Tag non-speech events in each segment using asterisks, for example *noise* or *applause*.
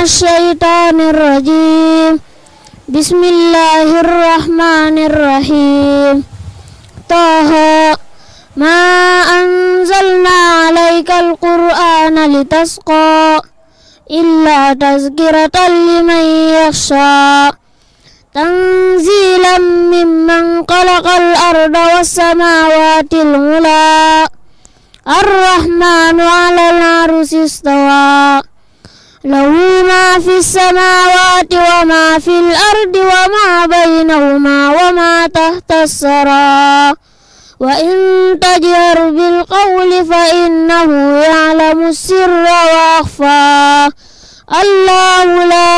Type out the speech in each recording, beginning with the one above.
الشيطان الرجيم بسم الله الرحمن الرحيم طه ما أنزلنا عليك القرآن لتسقى إلا تذكرة لمن يخشى تنزيلا ممن خلق الأرض والسماوات العلى الرحمن على العرش استوى له ما في السماوات وما في الأرض وما بينهما وما تحت الثرى وإن تجهر بالقول فإنه يعلم السر وأخفى الله لا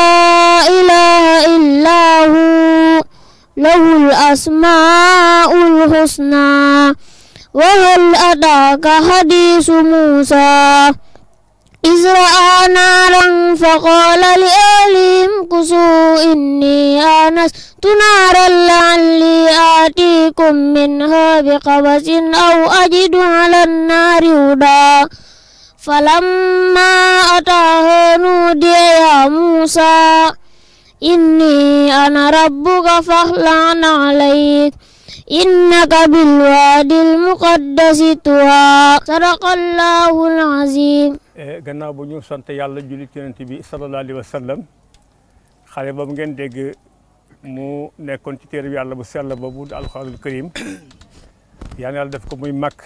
إله إلا هو له الأسماء الحسنى وهل أتاك حديث موسى إذ رأى نارا فقال لأهلهم كسوا إني آنست نارا لعلي آتيكم منها بقبس أو أجد على النار هدى فلما أتاها نودي يا موسى إني أنا ربك فاخلع عليك innaka bilwaadi almuqaddasi tuwa sadaqallahu alazim eh, gannaaw bu ñu sant yàlla julli yonent bi sallallahu alayhi wa xale boobu ngeen dégg mu nekkoon ci téere bi yàlla bu sell boobu di alxuraanul karim *coughs* yal na yàlla def ko muy mag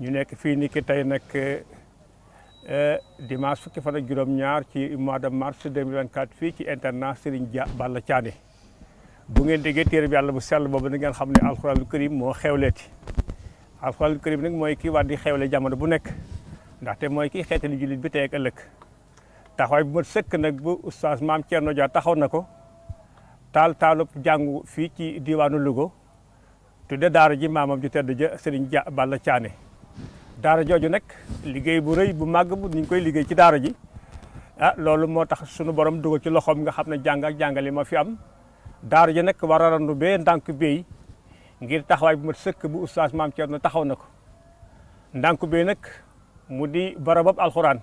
ñu nekk fii ni ki tey nag eh, dimanche fukki fan ak juróom-ñaar ci mois de mars 2024 fii ci internat Serigne Dia Balla bu ngeen déggee téere bi yàlla bu sell boobu da ngeen xam ne alxuraanul karim moo xewleeti alxuraanul karim nag mooy kii di xewle jamono bu nekk ndaxte mooy kii xeetali jullit bi tey ak ëllëg taxawaay bu mat sëkk nag bu oustaz maam Thierno Dia taxaw na ko taal taalub jàngu fii ci diwaanu Louga tudde daara ji maamam ju tedd ja sëriñ ja Balla Thiané daara jooju nag liggéey bu rëy bu màgg bu ñu koy liggéey ci daara ji ah loolu moo tax sunu borom dugal ci loxoom nga xam ne jàng ak jàngale ma fi am daar ji nag war a randu bee ndànk béy ngir taxawaay bu mat sëkk bu oustaz maam Thierno taxaw na ko ndànk béy nag mu di barabab alxuraan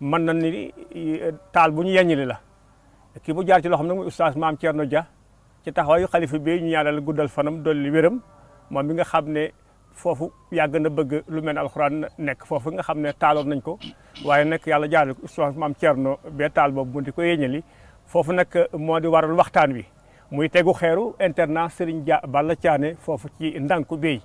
mën na ni eh, taal bu ñu yeññili la kii bu jaar ci loo xam ne muy oustaz maam Thierno Dia ci taxawaayu xalifa bi ñu ñaanal guddal fanam dolli wéram moom mi nga xam ne foofu yàgg na bëgg lu mel ne alxuraan nekk foofu nga xam ne taaloon nañ ko waaye nag yàlla jaarale ko oustaz maam bee taal boobu mu di ko yeññali foofu nag moo di waral waxtaan wi muy tegu xeeru internat Serigne Dia Balla Thiané foofu ci ndànku béy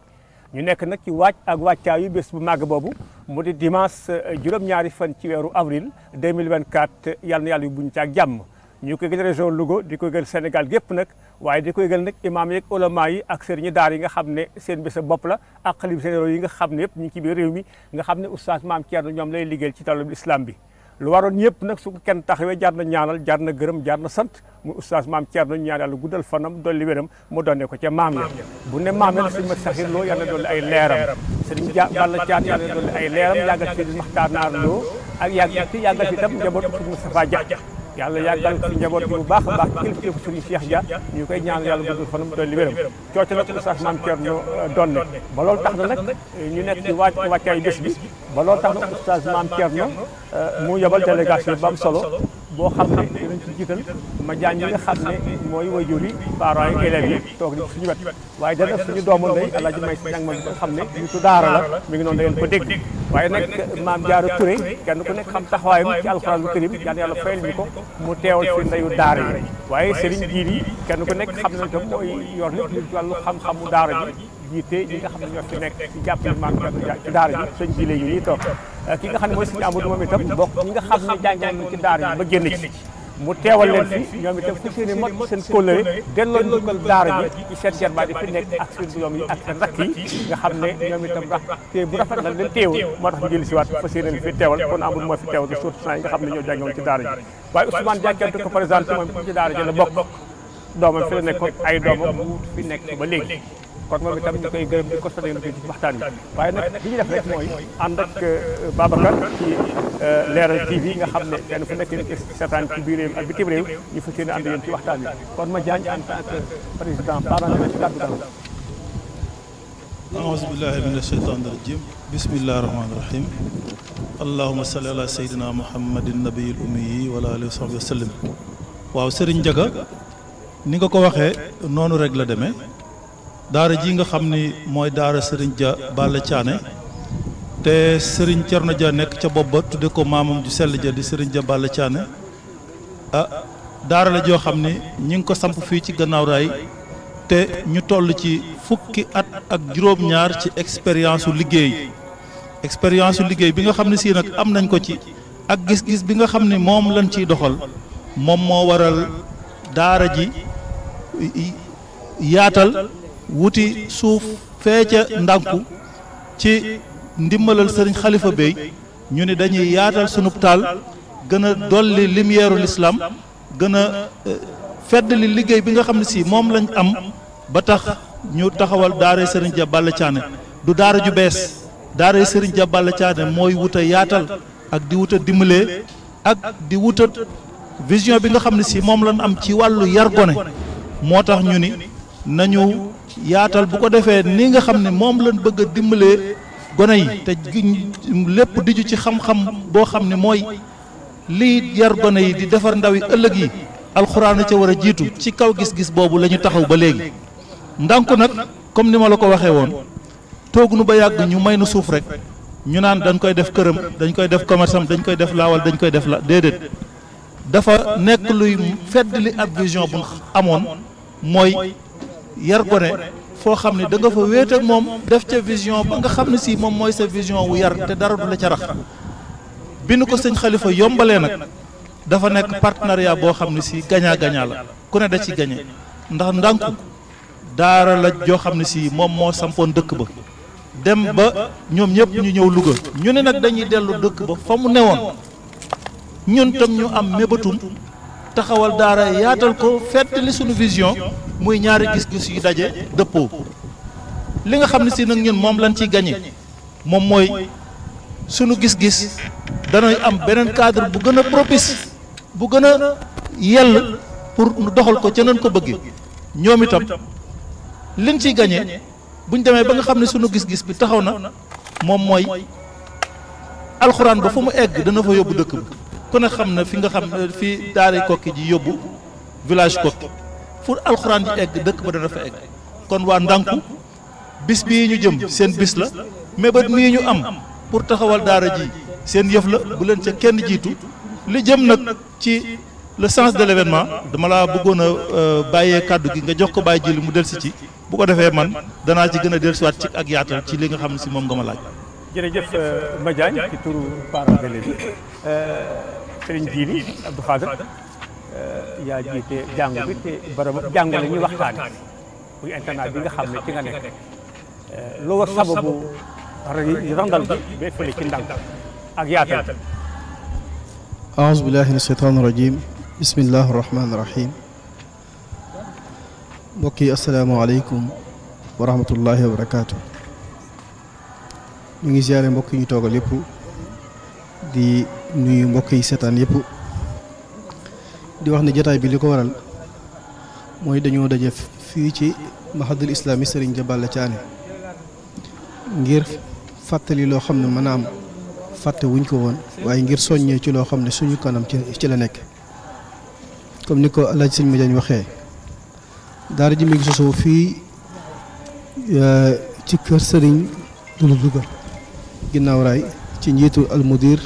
ñu nekk nag ci waaj ak wàccaayu bes bu màgg boobu mu di dimanche euh, juróom-ñaari fan ci weeru avril 2024 yàlla na yàlla yu buñ caag jàmm ñu ko gën région Louga di ko gën Sénégal gépp nag waaye di ko gën nag imaam yeeg ulama yi ak sëriñu daar yi nga xam ne seen bés a bopp la ak xalif généraux yi nga xam ne yëpp ñu ngi ci biir réew mi nga xam ne oustaz maam Thierno ñoom lay liggéeyal ci talub islam bi lu waroon yëpp nag su ko kenn taxawee jaar na ñaanal jaar na gërëm jaar na sant mu oustaz maam Thierno ñaan yàlla guddal fanam dolli wéram mu donne ko ca maam ya bu ne maam ya sëñ ma saxir loo yàlla dolli ay leeram sëriñ ja Balla Thiam yàlla dolli ay leeram yàggal fi Maxtaar Naar loo ak yàgg fi yàggal fi itam njabootu sëñ Moustapha Dia yàlla yàggal fi njaboot bi bu baax a baax kilif kilif suñu Cheikh Dia ñu koy ñaan yàlla guddul fanam doon li wéram cooco nag oustaz Mame Thierno euh, doon na ba loolu tax na nag euh, ñu nekk ci wàcc wàccaay bés bi ba loolu tax na oustaz Mame Thierno euh, mu yebal délégation ba solo boo xam-xam dinañ ci ma jaan yi nga xam ne mooy wajur yi parents yi élèves yi toog ni suñu wet waaye dana suñu doomu ndey alaaji may si ñang ma bi nga xam ne su daara la mu ngi noonu da ngeen ko dégg waaye nag maam Jaara Touré kenn ku nekk xam taxawaayam ci alxuraan bu karim yaan yàlla fayal ñu ko mu teewal fi ndeyu daara yi waaye Serigne Jiir yi kenn ku nekk xam na itam mooy yor lépp ci wàllu xam-xamu daara bi jiite ñi nga xam ne ñoo fi nekk ci jàppale maam ci daara ji sëñ bi léegi ñuy toog euh, ki nga xam ne mooy sëñ Amadou moom itam bokk ñi nga xam ne jàngoon nañ seen i mag seen delloo njukkal daara ji seen jarbaat fi nekk ak seen doom yi ak si waat ji waaye Ousmane Diakhaté ko présenté moom ci daara ji la bokk doomam fi la nekkoon ay doomam fi nekk ba léegi kon moom itam ñu koy gërëm di ko soté bi waaye nag li ñu def rek mooy ànd ak euh, euh, Babacar ci euh, leeral TV nga xam ne kenn fu nekk ni seetaan ci biir ñu fas yéene ànd yéen ci waxtaan wi kon ma jaañ en tant que président parlementaire ci kàddu gaaw أعوذ بالله من الشيطان الرجيم waaw Serigne Ndiaga ni nga ko waxee noonu rek la demee daara ji nga xam ni mooy daara Serigne Dia Balla Thiané te Serigne na ja nekk ca bopp ba tudde ko maamam di sell ja di Serigne Dia Balla Thiané ah daara la joo xam ni ñu ngi ko samp fii ci gannaaw raay te ñu toll ci fukki at ak juróom-ñaar ci expérience liggéey expérience liggéey bi nga xam ne sii nag am nañ ko ci ak gis-gis bi nga xam ne moom leen ciy doxal moom moo waral daara ji yaatal wuti suuf fee ca ndànku ci ndimbalal sëriñ xalifa bey ñu ni dañuy yaatal sunub taal gën a dolli lumière l'islam gën a eh, feddali liggéey bi nga xam ne si moom lañ am ba tax ñu taxawal daara sëriñ ja Balla Thiane du daara ju bees daara sëriñ ja Balla mooy wut yaatal ak di wut a ak di wut vision bi nga xam ne si moom lañ am ci wàllu yar gone moo tax ñu ni nañu yaatal bu ko defee ni nga xam ne moom lañ bëgg a dimbalee gone yi te lépp diju ci xam-xam boo xam ne mooy lii yar gone yi di defar ndaw yi ëllëg yi alxuraan a ca war a jiitu ci kaw gis-gis boobu la taxaw ba léegi ndànku nag comme ni ma la ko waxee woon toog nu ba yàgg ñu may nu suuf rek ñu naan dañ koy def këram dañ koy def commerce dañ koy def laawal dañ koy def la déedéet dafa nekk luy fedd li ab vision bu amoon mooy yar gone foo xam ne da nga fa wéet moom def ca vision ba nga xam ne si moom mooy sa vision wu yar te dara du la ca rax bi nu ko sëñ Xalifa yombalee nag dafa nekk partenariat boo xam ne si gagnant gagnant la ku ne da ci gagné ndax ndànku daara la joo xam ne si moom moo sampoon dëkk ba dem ba ñoom ñëpp ñu ñëw Louga ñu ne nag dañuy dellu dëkk ba fa mu newoon ñun tam ñu am mébatum taxawal daara yaatal ko fettali sunu vision muy ñaari gis-gis yu daje dëppoo li nga xam ne si nag ñun moom lañ ciy gañe moom mooy sunu gis-gis danay am beneen cadre bu gën a propice bu gën a yell pour doxal ko ca nañ ko bëgg ñoom itam liñ ciy gañe buñ demee ba nga xam ne sunu gis-gis bi taxaw na moom mooy alxuraan ba fu mu egg dana fa yóbbu dëkk bi ku ne xam na fi nga xam euh, fi daara kokki ji yóbbu village kokki fu alxuraan ji egg dëkk ba dana fa egg kon waa ndànku bis bii ñu jëm seen bis la mébét mii ñu am pour taxawal daara ji seen yëf la bu leen ca kenn jiitu li jëm nag ci le sens de levenement dama laa bëggoon a euh, bàyyee kàddu gi nga jox ko bàyyi ji li mu delsi ci bu ko defee man danaa ci gën a delsiwaat ci ak yaatal ci li nga xam ne si moom nga ma laaj jërëjëf euh, Madiagne ci sëriñ Jiili Abdou Khader euh, yaa jiite jàngu bi te barab jàngu la ñuy waxtaane muy internat min asheytaan irajim bismillahi arrahmani irahim mbokk yi asalaamaaleykum wa rahmatullahi wa barakaatu ñu ngi ziare mbokk ñu toogal yëpp nuyu mbokk yi seetaan yëpp di wax ne jataay bi li ko waral mooy dañoo daje fii ci mahadul islaami sëriñ Jabal Caane ngir fàttali loo xam ne mën a am fàtte wuñ ko woon waaye ngir soññee ci loo xam ne suñu kanam ci ci la nekk comme ni ko alaaj sëñ Madiagne waxee daara ji mi ngi fii euh, ci kër sëriñ dulu dugal ginnaaw raay ci njiitu almudir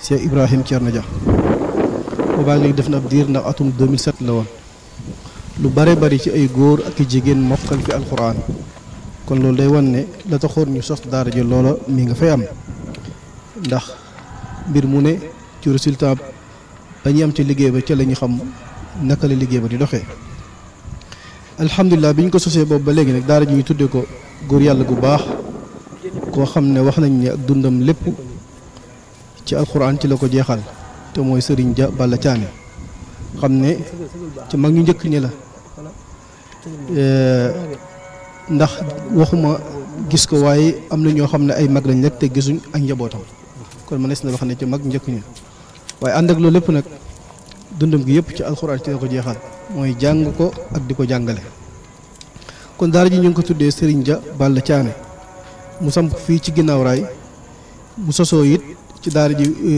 Cheikh Ibrahim Thierno ja boobaa léegi def na ab diir ndax atum 2007 la woon lu bare bari ci ay góor ak i jigéen mokkal fi alxuraan kon loolu day wan ne la taxoon ñu sos daara ji loola mi nga fay am ndax mbir mu ne ci résultat dañuy am ci liggéey ba ca la ñu xam naka la liggéey ba di doxee alhamdulilah bi ñu ko sosee boobu ba léegi nag daara ji ñu tuddee ko góor yàlla bu baax koo xam ne wax nañ ni ak dundam lépp ci alxuraan ci la ko jeexal te mooy sëriñ ja balla caane xam ne ci mag ñu njëkk ñi la eh, ndax waxuma gis ko waaye am na ñoo xam ne ay mag lañ rek te gisuñ ak njabootam kon mënees na wax ne ci mag njëkk ñi waaye ànd ak loolu lépp nag dundam gi yëpp ci alxuraan ci la ko jeexal mooy jàng ko ak di ko jàngale kon daara ji ñu ngi ko tuddee sëriñ ja balla caami mu samp fii ci ginnaaw raay mu sosoo it ci daara ji e,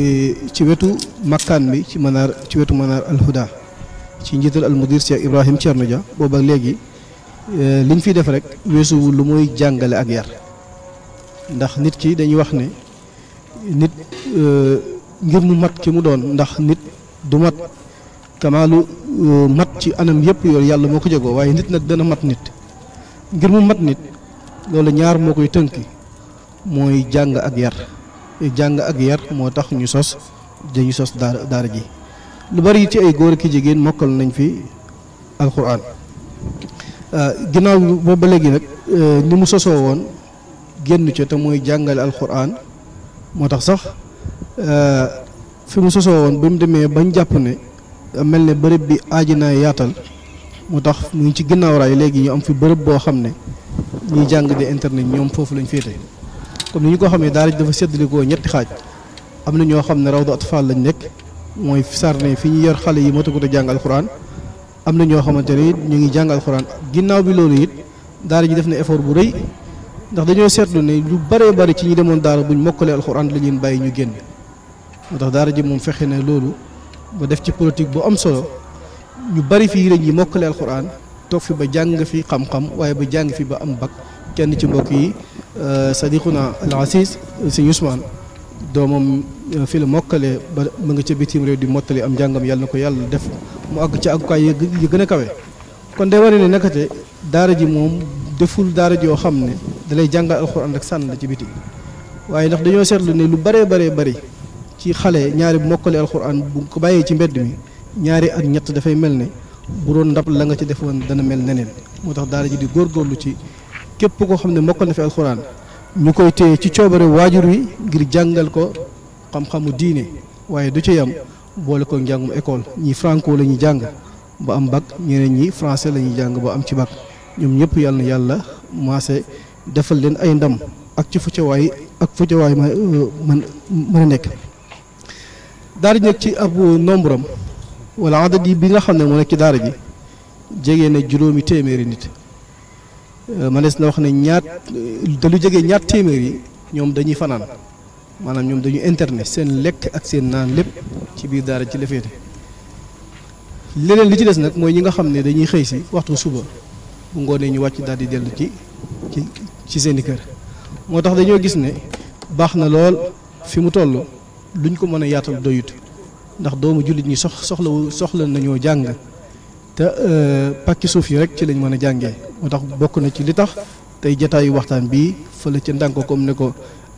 ci wetu makkaan bi ci manaar ci wetu manaar alhuda ci njiital almudir Cheikh Ibrahim Thierno Dia booba léegi e, liñ fiy def rek weesu lu muy jàngale ak yar ndax nit ki dañuy wax ne nit e, ngir mu mat ki mu doon ndax nit du mat kamaalu mat ci anam yëpp yooyu yàlla moo ko jegoo waaye nit nag dana mat nit ngir mu mat nit loolu ñaar moo koy tënk mooy jàng ak yar jàng ak yar moo tax ñu sos dañu sos daara ji lu bari ci ay góor ki jigéen mokkal nañ fi alxuraan ah, ginnaaw ba ba léegi nag eh, ni mu sosoo woon génn ca te mooy jàngale alxuraan moo tax sax eh, fi mu sosoo woon ba mu demee bañ jàpp ne mel ne bërëb bi aaji naa yaatal moo tax mu ngi ci ginnaaw raay léegi ñu am fi bërëb boo xam ne ñuy jàng de internet ñoom foofu lañ féete comme ni ñu ko xamee daara ji dafa koo ñetti xaaj am na ñoo xam ne raw rawdu atfaal lañu nekk mooy sarne fi ñu yor xale yi matagut a jàng alxuraan am na ñoo xamante ne it ñu ngi jàng alxuraan ginnaaw bi loolu it daara ji def na effort bu rëy ndax dañoo seetlu ne lu bëree bëri ci ñi demoon daara buñ mokkalee alxuraan la leen bàyyi ñu génn moo tax daara ji moom fexe na loolu ba def ci politique bu am solo ñu bëri fii lañ yi mokkalee alxuraan toog fi ba jàng fi xam-xam waaye ba jàng fi ba am bac kenn ci mbokk yi euh, sadiquna al asis si Ousmane doomam euh, fi la mokkale ba mu nga ca bitim réew di mottali am njàngam yàlla na ko yàlla def mu àgg ci àggukaay yi gën a kawe kon day wane ne nekkate daara ji moom deful daara joo xam ne dalay jàngal alxuraan rek sànn la ci biti waaye ndax dañoo seetlu ne lu baree baree bari ci xale ñaari mokkale alxuraan bu ko bàyyee ci mbedd mi ñaari at ñett dafay mel ne bu doon ndab la nga ci defoon dana mel neneen tax daara ji di góorgóorlu ci képp koo xam ne mokkal na fi alxuraan ñu koy téye ci coobare waajur wi ngir jàngal ko xam-xamu diine waaye du ci yam boole ko njàngum école ñi franco la ñuy jàng ba am bac ñeneen ñi france lañuy jàng ba am ci bac ñoom ñëpp yàlla na yàlla maase defal leen ay ndam ak ci fuccawaay ak fuccawaay ma man euh, mën nekk daara ji nag ci ab nombre am wala yi bi nga xam ne moo nekk ci daara ji jege na juróomi téeméeri nit Euh, mënees na wax ne ñaat euh, te lu jege ñaat téeméer yi ñoom dañuy fanaan maanaam ñoom dañuy internet seen lekk ak seen naan lépp ci biir daara ci la leneen li ci des nag mooy ñi nga xam ne dañuy xëy si waxtu suba bu ngoonee ñu wàcc daal di dellu ci ci ci seeni kër moo tax dañoo gis ne baax na lool fi mu toll luñ ko mën a yaatal doyut ndax doomu jullit ñi sox soxla soxla nañoo jàng te euh, pàkki suuf yi rek ci lañ mën a jàngee moo tax bokk na ci li tax tey jataayu waxtaan bi fële ca ndànk comme ne ko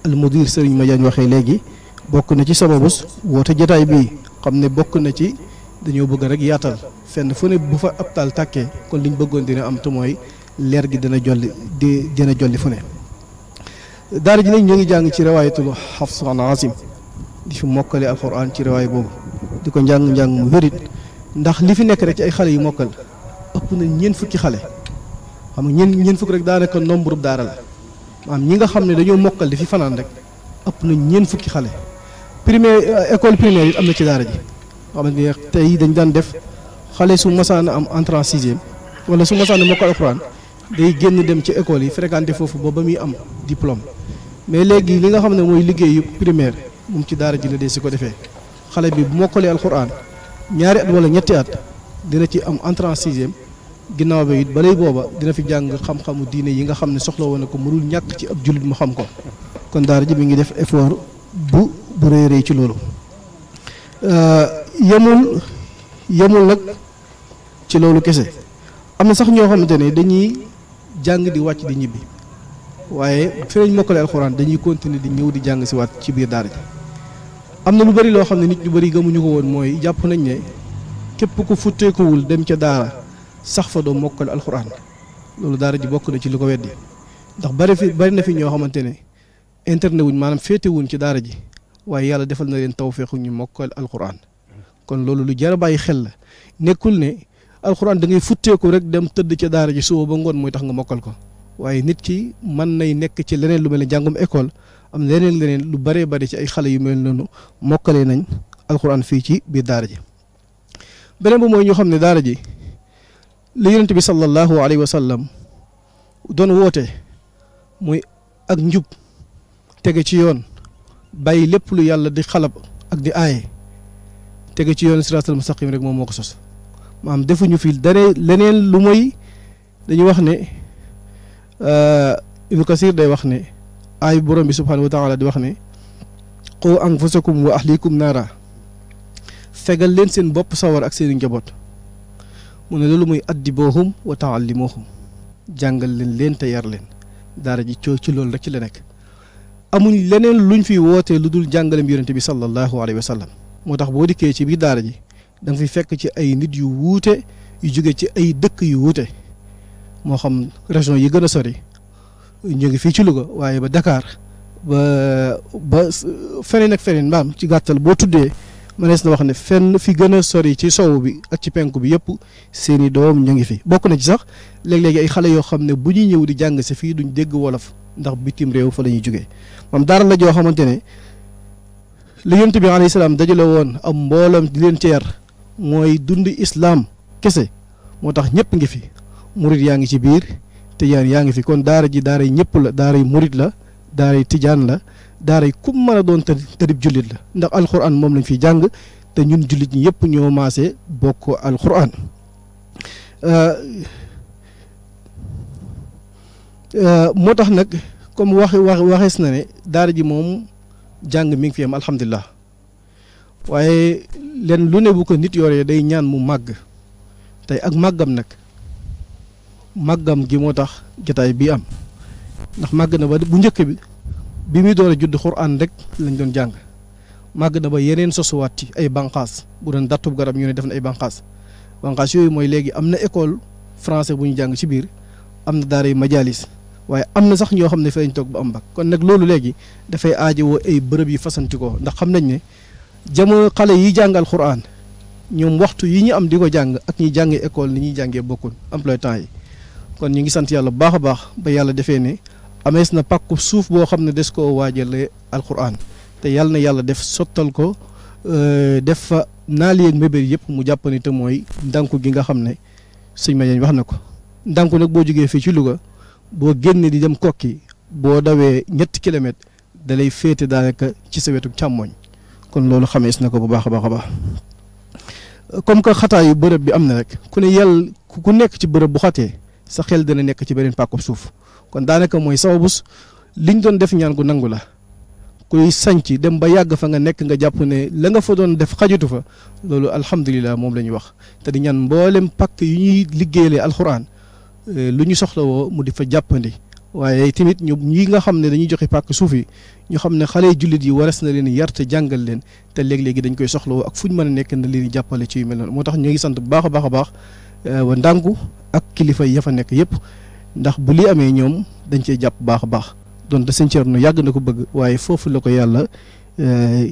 almudir ma Madiagne waxee léegi bokk na ci sama sababus woote jataay bii xam ne bokk na ci dañoo bëgg rek yaatal fenn fu ne bu fa ab taal tàkkee kon liñ bëggoon dina am te mooy leer gi dina jolli di dina jolli fu ne. daara ji nag ñu ngi jàng ci riwaayatul Hafs an Asim di fi mokkale alquran ci riwaay boobu di ko njàng njàng mu wérit ndax li fi nekk rek ci ay xale yu mokkal ëpp na ñeent fukki xale xam nga ñeent ñeent fukki rek daanaka nombre daara la maam ñi nga xam ne dañoo mokkal di fi fanaan rek ëpp na ñeent fukki xale primaire euh, école primaire yi am na ci daara ji xam ne tey dañ daan def xale su masaan am entrant sixième wala su masaan mokkal alxuraan day génn dem ci école yi fréquenté foofu ba ba muy am diplôme mais léegi li nga xam ne mooy liggéeyu primaire moom ci daara ji la dee ko defee xale bi bu mokkalee alxuraan ñaari at wala ñetti at dina ci am entrée en ginnaaw ba it balay booba dina fi jàng xam-xamu diine yi nga xam ne soxla wone na ko mënul ñàkk ci ab jullit mu xam ko kon daara ji mi ngi def effort bu bu rëy rëy ci loolu euh, yemul yemul nag ci loolu kese am na sax ñoo xamante ne dañuy jàng di wàcc di ñibbi waaye fi lañ mokkale alxuraan dañuy continuer di ñëw di jàng si waat ci biir daara ji am na lu bari loo xam ne nit ñu bari gëmuñu ko woon mooy jàpp nañ ne képp ku futteekuwul dem ca daara sax fa doo mokkal alxuraan loolu daara ji bokk na ci li ko weddi ndax bari fi bari na fi ñoo xamante ne internet wuñ maanaam féetewuñ wuñ ci daara ji waaye yàlla defal na leen tawféexu ñu mokkal alxuraan kon loolu lu jar a bàyyi xel la nekkul ne alxuraan dangay futteeku rek dem tëdd ca daara ji suba ba ngoon mooy tax nga mokkal ko waaye nit ki mën nay nekk ci leneen lu mel ne jàngum école am leneen leneen lu bëree bëri ci ay xale yu mel noonu mokkale nañ alxuraan fii ci biir daara ji beneen mooy ñu xam ne daara ji li yonent bi sallallahu alayhi wa sallam doon woote muy ak njub tege ci yoon bàyyi lépp lu yàlla di xalab ak di aaye tege ci yoon siraatal mustaqim rek moom moo ko sos maanaam defuñu fi dara leneen lu mooy dañu wax ne euh, Ibnu day wax ne. ay borom bi subhaanahu wa taala di wax ne qu anfusakum wa ahlikum naara fegal leen seen bopp sawar ak seen njaboot mu ne lu muy addiboohum wa taallimohum jàngal leen leen te yar leen daara ji coo ci loolu rek ci la nekk amuñ leneen lu luñ fi wootee lu dul jàngalem yonente bi sallallahu alayhi wa moo tax boo dikkee ci biir daara ji danga nga fi fekk ci ay nit yu wuute yu jóge ci ay dëkk yu wuute moo xam région yi gën a sore ñu fii ci Louga waaye ba dakaar ba ba feneen ak feneen mbaam ci gàttal boo tuddee mënees na wax ne fenn fi gën a sori ci soow bi ak ci penk bi yëpp seeni doom ñu ngi fi bokk na ci sax léeg-léegi ay xale yoo xam ne bu ñuy ñëw di jàng si fii duñ dégg wolof ndax bitim réew fa la ñuy jógee moom dara la joo xamante ne li yonent bi alayhi salaam dajale woon am mboolam di leen teer mooy dund islaam kese moo tax ñëpp ngi fi murit yaa ngi ci biir tijaan yaa ngi fi kon daara ji daara yi ñëpp la daara yi murit la daara yi tijaan la daara yi kum mën a doon të tërib jullit la ndax alxuraan moom lañ fi jàng te ñun jullit ñi yëpp ñoo maase bokk alxuraan euh, euh, moo tax nag comme waxi wax waxees na ne daara ji moom jàng mi ngi fi am alhamdulilah waaye leen lu ne bu ko nit yoree day ñaan mu màgg tey ak màggam nag màggam gi moo tax jataay bii am ndax màgg na ba bu njëkk bi bi muy door a judd xuraan rek lañ doon jàng màgg na ba yeneen sosuwaat ci ay banqaas bu doon dattub garab ñu ne def na ay banqaas banqaas yooyu mooy léegi am na école français bu ñu jàng ci biir am na daara yu majalis waaye am na sax ñoo xam ne fi lañ toog ba am bac kon nag loolu léegi dafay aajowoo ay bërëb yi fasanti ko ndax xam nañ ne jamono xale yi jàngal xuraan ñoom waxtu yi ñu am di ko jàng ak ñi jàngee école ni ñuy jàngee bokkul emploi temps yi kon ñu ngi sant yàlla bu baax a baax ba yàlla defee ne amees na pàkku suuf boo xam ne des koo waajale alquran te yàlla na yàlla def sottal ko euh, def fa naal yeeg mébér yëpp mu jàpp te mooy ndànku gi nga xam ne sëñ Madiagne wax na ko ndànku nag boo jógee fii ci Louga boo génnee di dem kokki boo dawee ñett kilomètres dalay lay féete daanaka ci sa wetu càmmoñ kon loolu xamees na ko bu baax a baax a baax comme que xataa bërëb bi am na rek ku ne yàlla ku nekk sa xel dana nekk ci beneen pàkku suuf kon daanaka mooy sababus liñ doon def ñaan gu nangu la kuy sanc dem ba yàgg fa nga nekk nga jàpp ne la nga fa doon def xajatu fa loolu alhamdulilah moom la ñuy wax te di ñaan mboolem pàkk yu ñuy liggéeyale alxuraan eh, lu ñu soxla woo mu di fa jàppandi waaye tamit ñu ñi nga xam ne dañuy joxe pàkk suuf yi ñu xam ne xale jullit yi waras na leen yarte jàngal leen te léeg-léegi dañ koy soxlawoo ak fu ñu mën a nekk na ci yu mel noonu moo tax ñu ngi sant bu baax a baax a wa ndànku ak kilifa ya fa nekk yëpp ndax bu li amee ñoom dañ cee jàpp baax a baax donte sëñ Thierno yàgg na ko bëgg waaye foofu la ko yàlla jàpp eh,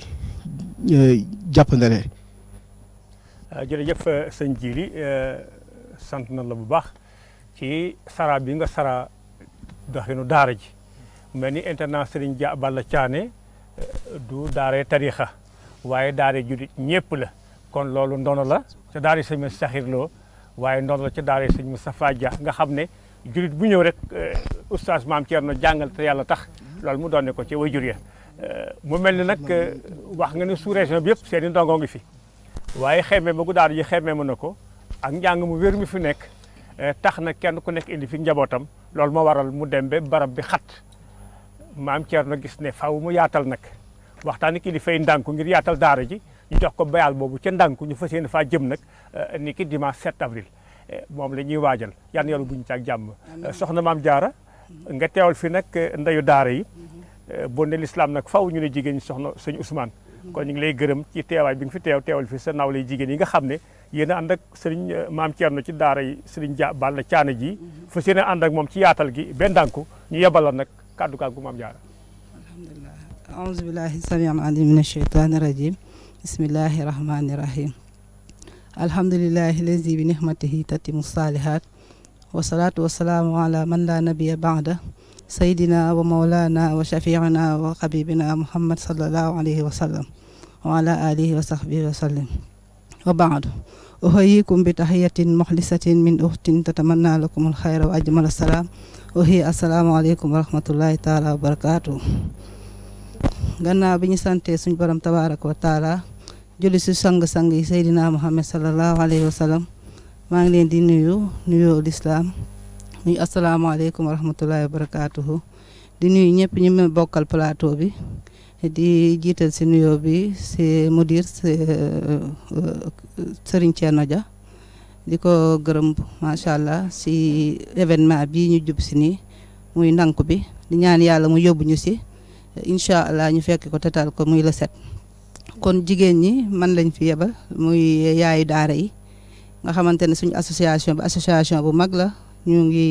eh, jàppandale. Ah, jërëjëf eh, sëñ Jili sant na la bu baax ci sara bi nga sara doxinu daara ji mel ni internat Serigne Dia Balla Thiané du daaree tariixa waaye daaree julit kon loolu ndono la te daari sëñ Saxir Lo waaye noonu la ca daara sëñ Moustapha Dia nga xam ne jurit bu ñëw rek euh, oustaz maam Thierno jàngal te yàlla tax loolu mu doon ne ko ci wajur ya euh, mu mel ni nag euh, wax nga ne sous région bi yëpp seeni ndongoo ndongo ngi fi waaye xeme ma gu daara ji xeme ma ne ko ak njàng mu wér mi fi nekk tax na kenn ku nekk indi fi njabootam loolu moo waral mu dem ba barab bi xat maam Thierno gis ne faw mu yaatal nag waxtaan ak kilifa yi ndànk ngir yaatal daara ji ñu jox ko bayal boobu ca ndànk ñu fas yéene faa jëm nag eh, ni ki dimanche 7 avril eh, moom la ñuy waajal yan yàlla buñu caag jàmm eh, soxna maam jaara nga teewal fi nag ndeyu daara yi mm-hmm. boo ne lislaam nag faw ñu ne jigéen ñi soxna sëñ Ousmane mm-hmm. kon ñu ngi lay gërëm ci teewaay bi nga fi teew teewal fi sa nawlay jigéen yi nga xam ne yéen a ànd ak sëriñ maam Thierno ci daara yi sëriñ ja caana ji fa seen a moom ci yaatal gi benn ndànku ñu yebal nag kàddu kàddu maam jaara alhamdulilah aouzu bismillahi rahmani rahim alhamdulilahi lazi bi nihmatihi tatimu saalihat wasalaatu wasalaamu ala man la nabiya baada saydina wa maulana wa shafiina wa xabibina muhammad salallahu alayhi wa sallam wa ala alihi wa sahbihi wa sallim wa baadu uhayikum bi tahiyatin muxlisatin min uhtin tatamanna lakum alxayra wa ajmal assalaam wa hiya assalaamu aleykum wa rahmatullahi taala wa barakatuh gannaaw bi ñu sante suñ borom tabaraka wa taala julli si sang-sang yi Seydina Muhammad sallallahu alayhi wa sallam maa ngi leen di nuyu nuyoo lislaam nuyu asalaamaaleykum wa rahmatullahi wa barakaatuhu di nuyu ñëpp ñu ma bokkal plateau bi di jiital si nuyoo bi si mudir eh, eh, Serigne Thierno Dia di ko gërëm macha allah si événement bii ñu jub si nii muy ndànk bi di ñaan yàlla mu yóbbu ñu si incha allah ñu fekk ko tetal ko muy la set. kon jigéen ñi man lañ fi yebal muy yaayu daara yi nga xamante ne suñu association bi association bu mag la ñu ngi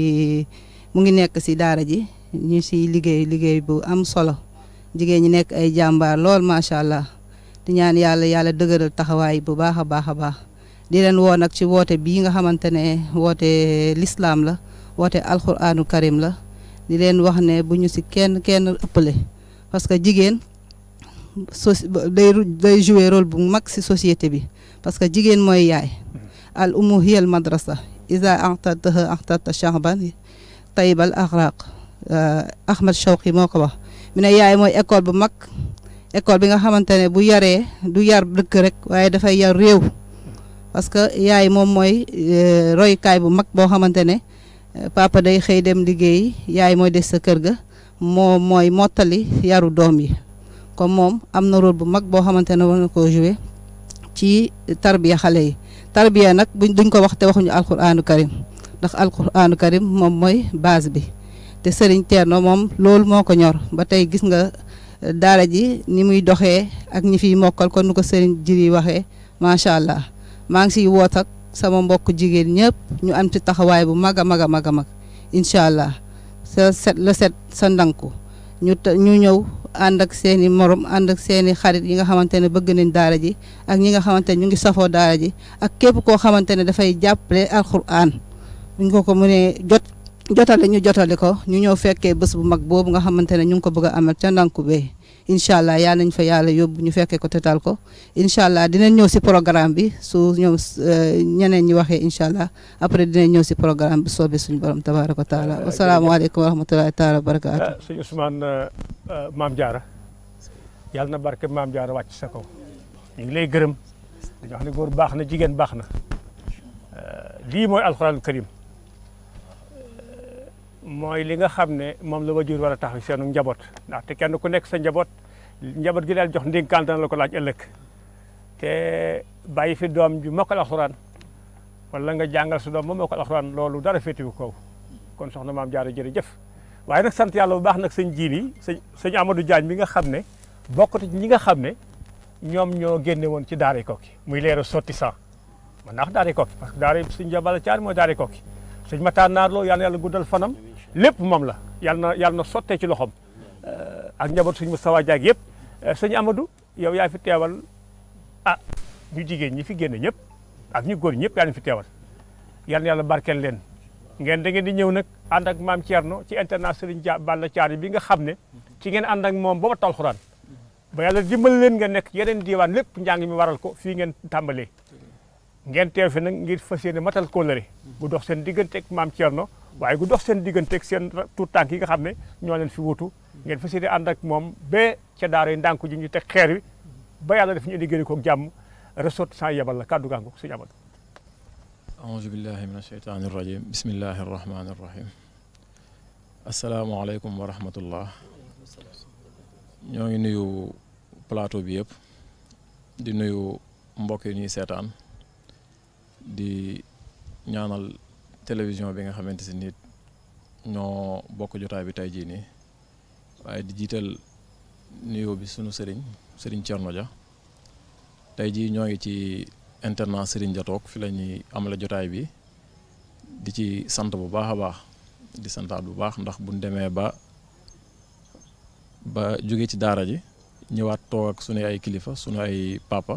mu ngi nekk si daara ji ñu si liggéey liggéey bu am solo jigéen ñi nekk ay jàmbaar lool macha allah di ñaan yàlla yàlla dëgëral taxawaay bu baax a baax a baax di leen woo nag ci woote bii nga xamante ne woote lislaam la woote alquraanu karim la di leen wax ne bu ñu si kenn kenn ëppale parce que jigéen. soci day day jouer bu mag si société bi parce que jigéen mooy yaay al umu hiyal madrasa isa ahtataha ahtata chahban taybal axraq euh, ahmad shawqi moo ko wax ne yaay mooy école bu mag école bi nga xamante ne bu yaree du yar dëkk rek waaye dafay yar réew parce que yaay moom mooy euh, roykaay bu mag boo xamante ne euh, papa day xëy dem liggéey yaay mooy des sa kër ga moo mooy mottali yaru doom yi comme moom am na rôle bu mag boo xamante ne war na koo joué ci tarbiya xale yi tarbiya nag buñ duñ ko wax te waxuñu alquraanu karim ndax alquraanu karim moom mooy base bi te sëriñ Thierno moom loolu moo ko ñor ba tey gis nga euh, daara ji ni muy doxee ak ñi fiy mokkal kon nu ko sëriñ jiri waxee macha allah maa ngi siy woot ak sama mbokk jigéen ñëpp ñu am ci taxawaay bu mag a mag a mag a mag incha allah sa set la set sa ndanku ñu ñëw ànd ak seen i morom ànd ak seen xarit yi nga xamante ne bëgg nañ daale ji ak ñi nga xamante ne ñu ngi safoo daara ji ak képp koo xamante ne dafay jàppale alxuraan buñ ko ko mënee jot jotale ñu jotale ko ñu ñëw fekkee bés bu mag boobu nga xamante ne ñu ngi ko bëgg a amal ca Ndankubé incha allah yaa nañ fa yàlla yóbbu ñu fekkee ko tetal ko incha allah dinañ ñëw si programme bi su ñoom eh, ñeneen ñi waxee incha allah après dinañ ñëw si programme bi soobee suñu borom tabaaraka wa taala. asalaamaaleykum wa rahmatulahi taala wa barakaatu. Ah, sëñ Ousmane. Eh, Euh, maam jaara yàlla na barke maam jaara wàcc sa kaw ñu ngi lay gërëm dañu wax ne góor baax na jigéen baax na euh, lii mooy alxuraanul karim euh, mooy li nga xam ne moom la wajur war a taxaw seenu njaboot ndaxte kenn ku nekk sa njaboot njaboot gi daal jox ndénkaan dana la ko laaj ëllëg te bàyyi fi doom ju mokkal alxuraan wala nga jàngal sa doom moom mokkal alxuraan loolu dara féetiwu kaw kon soxna maam jaara jërëjëf waaye nag sant yàlla bu baax nag sëñ jiili yi sëñ sëñ Amadou Diagne mi nga xam ne bokkati ñi nga xam ne ñoom ñoo génne woon ci daaray Koki muy leeru sotti sa ma naa wax daaray parce que daaray sëñ Jabala Caar mooy daaray Koki sëñ Matar Naar Lo yàlla na yàlla guddal fanam lépp moom la yàlla na yàlla na sottee ci loxom eh, ak njaboot sëñ Moustapha Diagne yëpp eh, sëñ amadu yow yaa fi teewal ah ñu jigéen ñi fi génne ñëpp ak ñu góor ñëpp yaa fi teewal yàlla na yàlla barkeel leen ngeen da ngeen di ñëw nag ànd ak maam Thierno ci internat Serigne Dia Balla Thiari bi nga xam ne ci ngeen ànd ak moom ba ba talxuraan ba yàlla dimbal leen ngeen nekk yeneen diiwaan lépp njàng mi waral ko fii ngeen tàmbalee ngeen teew fi nag ngir fas yéene matal kóllëre gu dox seen digganteeg maam Thierno waaye gu dox seen digganteeg seen tuut tànk yi nga xam ne ñoo leen fi wutu ngeen fas yéene ànd ak moom ba ca daara yi ndànku ji ñu teg xeer wi ba yàlla def ñu indi génne koog jàmm resort sans yebal la kàddu gaangu suñu amadou auzu billahi min asheytaani irrajim bismillahi arrahmani irrahim asalaamualeykum wa rahmatullah ñoo ngi nuyu plateau bi yépp di nuyu mbokk yi ñuy seetaan di ñaanal télévision bi nga xamante si nit ñoo bokk jotaay bi tey jii nii waaye di jiital nuyoo bi sunu sëriñ sëriñ Thierno Dia tey ñoo ngi ci internat Serigne Dia toog fi la ñuy amale jotaay bii di ci sant bu baax a baax di santaat bu baax ndax buñ demee ba ba jóge ci daara ji ñëwaat toog ak sunu ay kilifa sunu ay papa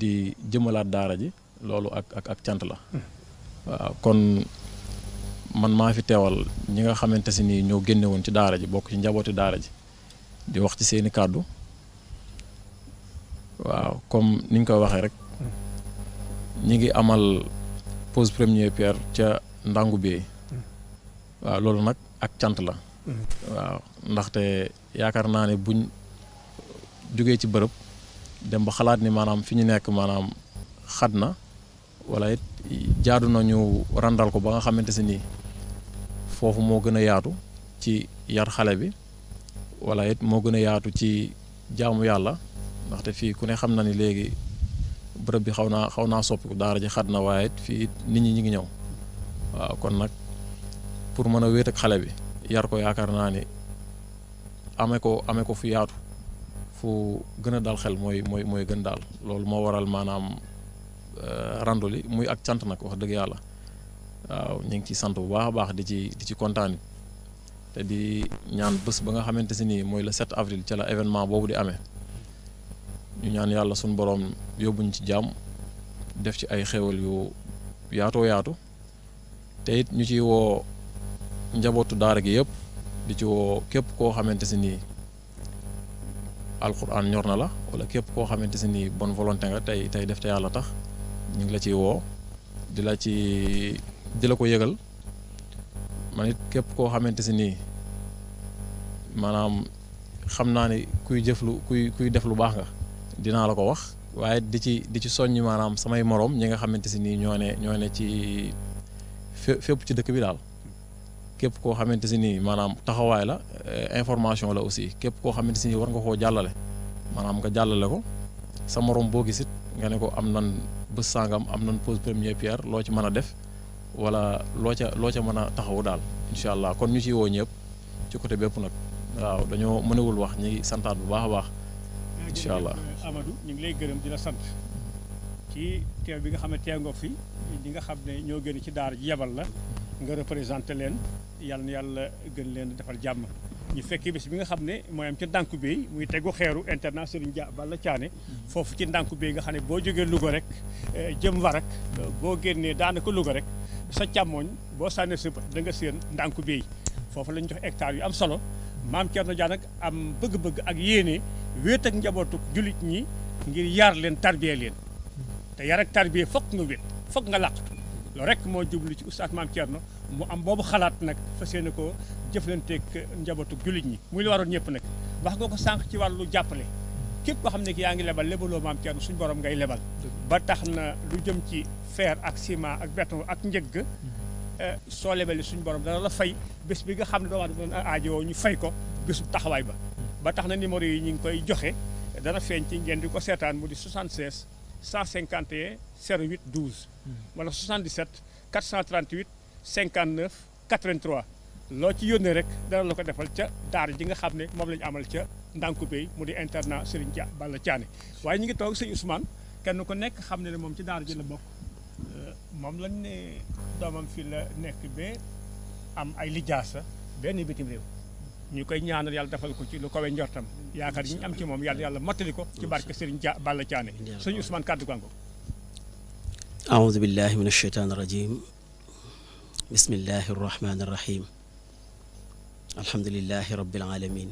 di jëmalaat daara ji loolu ak ak ak cant la. Hmm. waaw kon man maa fi teewal ñi nga xamante si nii ñoo génne woon ci daara ji bokk ci njabooti daara ji di wax ci seeni kàddu waaw comme niñ koy waxee rek. ñi ngi amal pose première pierre ca ndàngu bi waaw loolu nag ak cant la waaw ndaxte yaakaar naa ne buñ jógee ci bërëb dem ba xalaat ni maanaam fi ñu nekk maanaam xat na wala it jaadu nañu randal ko ba nga xamante si ni foofu moo gën a yaatu ci yar xale bi wala it moo gën a yaatu ci jaamu yàlla ndaxte fii ku ne xam na ni léegi bërëb bi xaw naa xaw naa soppiku daara ji xadd na waaye fii nit ñi ñu ngi ñëw waaw kon nag pour mën a wéet ak xale bi yar ko yaakaar naa ni amee ko amee ko fu yaatu fu gën a dal xel mooy mooy mooy gën daal loolu moo waral maanaam euh, randu li muy ak cant nag wax dëgg yàlla waaw ñu ngi ci sant bu baax a baax di ci di ci kontaan te di ñaan bés ba nga xamante si nii mooy le 7 avril ca la événement boobu di amee ñu ñaan yàlla suñu boroom yóbbuñ ci jàmm def ci ay xéwal yu yaatoo yaatu te it ñu ci woo njabootu daara gi yëpp di ci woo képp koo xamante si nii alquran ñor na la wala képp koo xamante si nii bonne volonté nga tey tey def te yàlla tax ñu ngi la ciy woo di la ci di la ko yëgal man képp koo xamante si nii maanaam xam naa ni kuy jëf lu kuy kuy def lu baax nga dinaa la ko wax waaye di ci di ci soññ maanaam samay moroom ñi nga xamante si nii ñoo ne ñoo ne ci fépp ci dëkk bi daal képp koo xamante si nii maanaam taxawaay la eh, information la aussi képp koo xamante si nii war nga koo jàllale maanaam nga jàllale ko sa moroom boo gisit nga ne ko am nan bés sangam am nan pose première pierre loo ci mën a def wala loo ca loo ca mën a taxawu daal incha allah kon ñu ci woo ñëpp ci côté bépp nag waaw dañoo mënewul wax ñu ngi bu baax a baax incha allah Amadou ñu ngi lay gërëm di la sant ci teew bi nga xam ne teew nga fi ñi nga xam ne ñoo gën ci daar ji yabal la nga représenté leen yal yàlla gën leen defal jàmm ñu fekkee bés bi nga xam ne mooy am ca ndànku bay muy tegu xeeru internat Serigne Dia Balla Thiané foofu ci ndànku bay nga xam ne boo jógee Louga rek eh, jëm warak boo génnee daanaka Louga rek sa càmmooñ boo sànnee sa bët da nga ndànku bay foofu lañ jox hectare yu am solo maam Thierno Dia am bëgg-bëgg ak yéene wéet ak njabootu jullit ñi ngir yar leen tarbiye leen te yar ak tarbiye fokk nga wéet fokk nga làqatu loolu rek moo jublu ci oustaz maam Thierno mu am boobu xalaat nag fas yéene ko jëflanteeg njabootu jullit ñi muy lu waroon ñëpp nag wax nga ko sànq ci wàllu jàppale képp koo xam ne ki yaa ngi lebal lebaloo maam Thierno suñu borom ngay lebal ba tax na lu jëm ci fer ak ciment ak béton ak njëgg Eh, soo lebele suñu borom dana la fay bés bi nga xam ne doomu aadama aajowoo ñu fay ko bésub taxawaay ba ba tax na numéro yi ñu ngi koy joxe dana feeñ ci ngeen di ko seetaan mu di 76 151 08 12 wala 77 438 59 83 loo ci yónnee rek dana la ko defal ca daara ji nga xam ne moom la ñu amal ca Ndankubéy mu di internat Serigne Dia Balla Thiané waaye ñu ngi toog sëñ Ousmane kenn ku nekk xam ne ne moom ci daara ji la bokk moom lañ ne doomam fi la nekk ba am ay lijaasa benn bitim réew ñu koy ñaanal yàlla defal ko ci lu kawe njortam yaakaar yi ñu am ci moom yàlla yàlla mottali ko ci barke Serigne Dia Balla Thiané sëñ Ousmane kàddu kanko aoudu billahi min alcheytaan irrajim bismillahi arrahmani irrahim alhamdulilahi rabbil alamin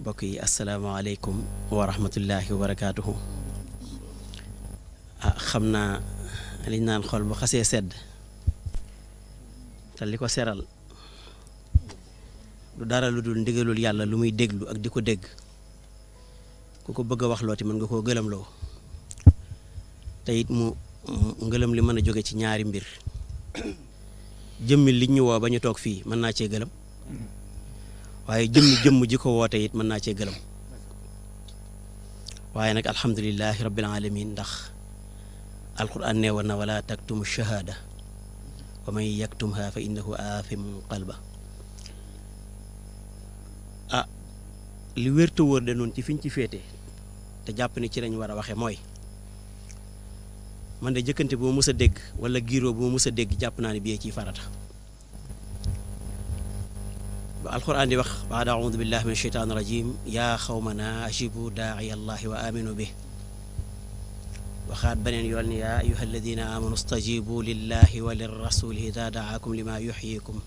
mbokk yi asalaamaaleykum wa rahmatullahi wa liñ naan xol bu xasee sedd te li ko seral lu dara lu dul ndigalul yàlla lu muy déglu ak di ko dégg ku ko bëgg a wax looti mën nga koo gëlëmloo te it mu ngëlëm li mën a jóge ci ñaari mbir *clears throat* jëmmi li ñu woo ba ñu toog fii mën naa cee gëlëm waaye jëmmi jëmm ji ko woote it mën naa cee gëlëm waaye nag alhamdulilahi rabbil alamin ndax alquran nee woon na wala taktum shahaada wa man yaktumha fa innahu aathimun qalba ah li wér te de noonu ci fiñ ci féete te jàpp ni ci lañ war a waxe mooy man de jëkkante bu ma mës a dégg wala giiroo bu ma mës a dégg jàpp naa ne bii ciy farata ba alquran di wax baada audu billahi min asheytaan rajim yaa xawmana ajibu daaciya allahi wa aminu bih waxaat beneen yoon ni yaa ayuha alladina amanu stajibu lillahi wa lirrasuli ida daakum lima yuxyikum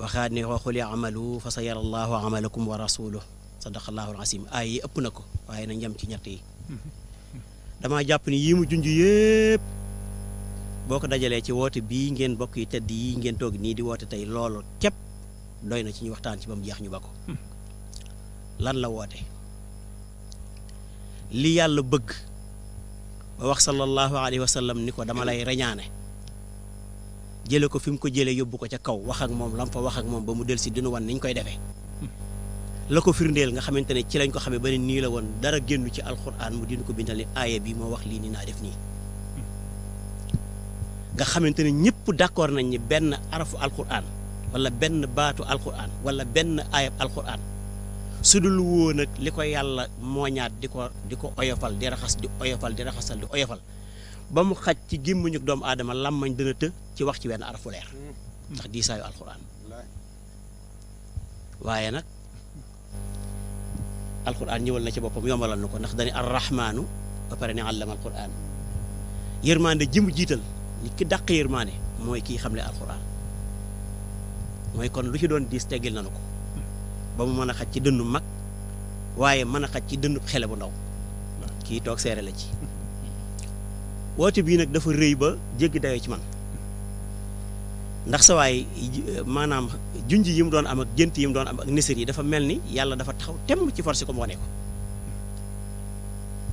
waxaat ni waxul amalu fa sa yara allahu amalakum wa rasuluh sadaqallahu alasim aay yi ëpp na ko waaye na njam ci ñett yi damaa jàpp ni yii mu junj yëpp ko dajalee ci woote bii ngeen bokk yi tedd yi ngeen toog nii di woote tey loolu képp doy na ci ñu waxtaan ci ba mu jeex ñu ba ko lan la woote li yàlla bëgg ba wax sallallahu alayhi wa sallam ni ko dama lay reñaane jële ko fi mu ko jëlee yóbbu ko ca kaw wax ak moom lam fa wax ak moom ba mu del si dinu wan niñ koy defee la ko firndeel nga xamante ne ci lañ ko xamee ba ne nii la woon dara génnu ci alxuraan mu dinu ko bindal ni aaya bi moo wax lii ni naa def nii nga xamante ne ñëpp d'accord nañ ni benn arafu alxuraan wala benn baatu alxuraan wala benn aayab alxuraan su dul woo li ko yàlla mooñaat di ko di ko oyofal di raxas di oyofal di raxasal di oyofal ba mu xaj ci gémmiñu doomu aadama làmmañ dana të ci wax ci wenn arafu leer mm. ndax diisaayu alxuraan waaye nag alxuraan ñëwal na ci boppam yombalal na ko ndax dañu arrahmaanu ba pare ne allama alxuraan yërmaande ji mu jiital li ki dàq yërmaande mooy kii xam ne alxuraan mooy kon lu ci doon diis teggil nanu ko ba mu mën a xaj ci dëndu mag waaye mën a xaj ci dëndu xele bu ndaw kii toog seere la ci woote bii nag dafa rëy ba jéggi dayoo ci man ndax sa waay maanaam junj yi mu doon am ak gént yi mu doon am ak nisir yi dafa mel ni yàlla dafa taxaw temm ci forcé ko mu wane ko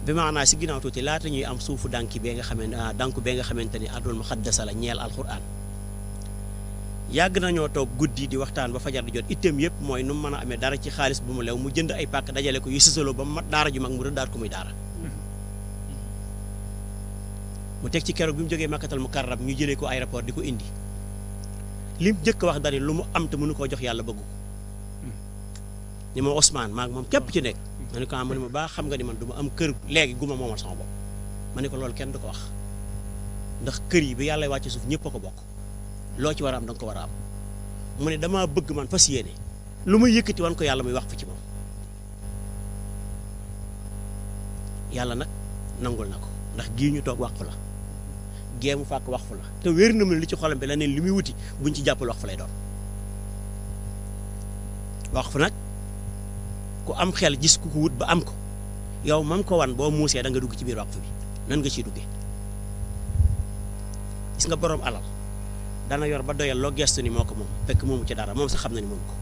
bi maanaa si ginnaaw tuuti laata ñuy am suufu dànk bee nga xamante ah, dànk bee nga xamante ni ardul muqaddasa la ñeel alquran yàgg nañoo toog guddi di waxtaan ba fajar di jot itteem yëpp mooy nu mu mën a amee dara ci xaalis bu mu lew mu jënd ay pàkk dajale ko yu sisaloo ba mu mat daara ju mag mu rëddaat ko muy daara mm-hmm. mu teg ci keroog bi mu jógee makkatal mu karrab ñu jëlee ko aéroport di ko indi li mu njëkk wax dara lu mu am te mënu koo jox yàlla bëgg ko mm-hmm. ni ma Ousmane maa ngi moom képp ci nekk mm-hmm. ma ne ko ah, ma ne ma baa xam nga ni man du ma am kër léegi guma moomal sama bopp ma ne ko loolu kenn du ko wax ndax kër yi bi yàlla wàcce suuf ñëpp ko bokk loo ci war a am da ko war a am mu ne damaa bëgg man fas yéene lu muy yëkkati wan ko yàlla muy wax fa ci moom yàlla nag nangul na ko ndax gii ñu toog waqfu la géemu fàkk waqfu la te wér na mu ne li ci xolam bi la neen li muy wuti buñ ci jàppal waqfu lay doon waqfu nag ku am xel gis ku ko wut ba am ko yow man ko wan boo muusee da nga dugg ci biir waqfu bi nan nga ciy duggee gis nga boroom alal dana yor ba doyal loo gestu ni moo ko moom fekk moomu ci dara moom si xam na ni moom ko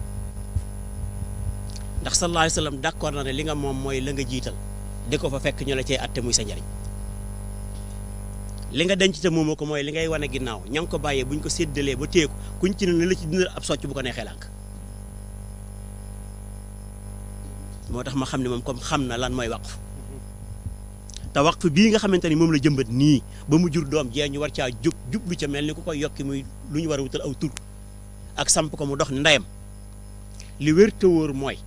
ndax sallallahu alayhi wa sallam d'accord na ne li nga moom mooy la nga jiital di ko fa fekk ñu la cee atte muy sa njariñ li nga denc te moomu ko mooy li ngay wane ginnaaw ña ngi ko bàyyee buñ ko séddalee ba téye ko kuñ ci ne ne la ci dindal ab socc bu ko neexee lànk moo tax ma xam ne moom comme xam na lan mooy waqf te waqf bii nga xamante ni moom la jëmbat nii ba mu jur doom jee ñu war caa jub jublu ca mel ni ku koy yokki muy lu ñu war a wutal aw tur ak samp ko mu dox ni li wér te mooy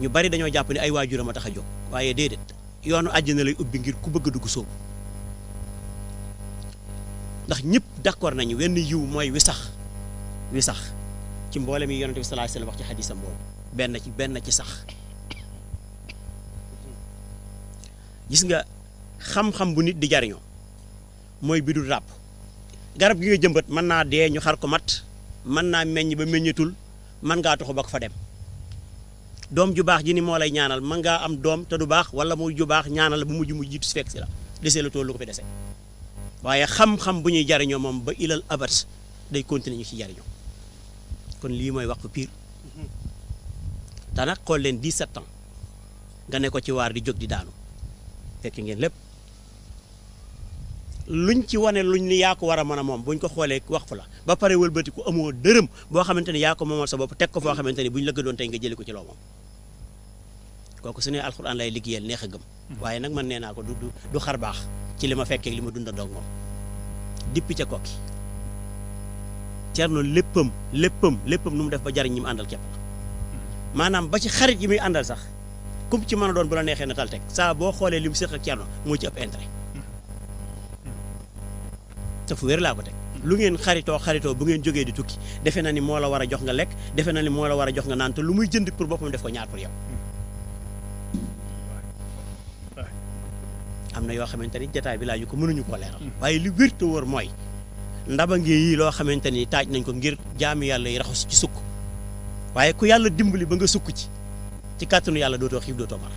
ñu bari dañoo jàpp ne ay waajuram a tax a jóg waaye déedéet yoonu àjjana lay ubbi ngir ku bëgg dugg soobu ndax ñëpp d'accord nañu wenn yiw mooy wi sax wi sax ci mboole yi yonent bi sallallahu alayhi wasallam wax ci xadisam boobu benn ci benn ci sax gis nga xam-xam bu nit di jariñoo mooy bi du ràpp garab gi nga jëmbat mën naa dee ñu xar ko mat mën naa meññ ba meññatul mën ngaa toxu ba ko fa dem doom ju baax ji ni moo lay ñaanal man ngaa am doom te du baax wala mu ju baax ñaanal bu mujj mu jiitu si fekk si la desee la tool lu ko fi dese waaye xam-xam bu ñuy jariñoo moom ba ilal abat day continuer ñu ci jariñoo kon lii mooy wax pire mhm. te nag xool leen 17 ans nga ne ko ci waar di jóg di daanu fekk ngeen lépp luñ ci wane luñ ni yaa ko war a mën a moom buñ ko xoolee wax fu la ba pare wëlbati ku amoo dërëm boo xamante ni yaa ko moomal sa bopp teg ko foo xamante ni buñ la gëdoon tey nga jëli ko ci loo moom kooku su ne alxuraan lay liggéey neex a gëm mm-hmm. waaye nag man nee naa ko du du xar baax ci li ma fekkee li ma dunda doog moom dippi ca kokki cerno léppam léppam léppam nu mu def ba jariñ mu àndal képp la mm-hmm. maanaam ba ci xarit yi muy àndal sax comme ci man a doon bu la neexee na tal teg saa boo xoolee li mu séq ak moo ci ëpp intérêt te fu wér laa ko teg lu ngeen xaritoo xaritoo bu ngeen jogee di tukki defe na ni moo la war a jox nga lekk defe na ni moo la war a jox nga naan lu muy jënd pour boppam def ko ñaar pour yow am na yoo xamante ni jataay bi laa yu ko mënuñu koo leeral waaye li wér te wóor mooy ndaba ngi yi loo xamante ni taaj nañ ko ngir jaami yàlla yi raxas ci sukk waaye ku yàlla dimbali ba nga sukk ci ci kàttanu yàlla dootoo xiif dootoo mar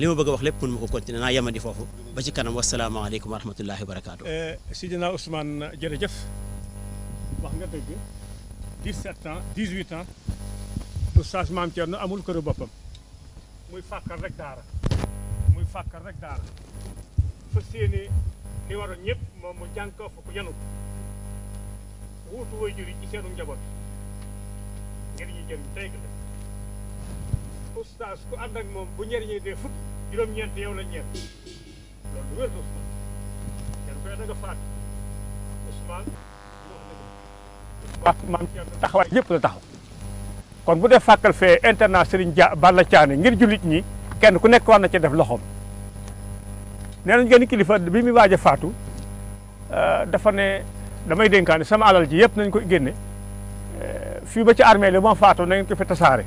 li ma bëgg a wax lépp mën ma ko continuer naa yemandi foofu ba ci kanam wasalaamaaleykum wa rahmatullahi wa barakaatu. Eh, Sidina Ousmane jërëjëf wax nga dëgg 17 ans 18 ans oustaz Maam Thierno amul këru boppam muy fàkkal rek daara muy fàkkal rek daara fa séenee ni waroon ñëpp moom mu jànkoo fa ku yanu wuutu way juri ci seenu njaboot ngir ñu jëriñ tey oustaz ku ànd ak moom bu ñeriñee dee fukk juróom-ñeent yow la ñeent loolu wér na Ousmane kenn koy da nga faat Ousmane wax maam taxawaay yëpp la taxaw kon bu dee fàkkal fee internat Serigne Dia Balla Thiane ngir jullit ñi kenn ku nekk war na ci def loxoom nee nañ gën kilifa bi muy waaj a faatu euh, dafa ne damay dénkaane sama alal ji yëpp nañ ko génne euh, fii ba ci armée li ma faatu na ngeen ko fi tasaare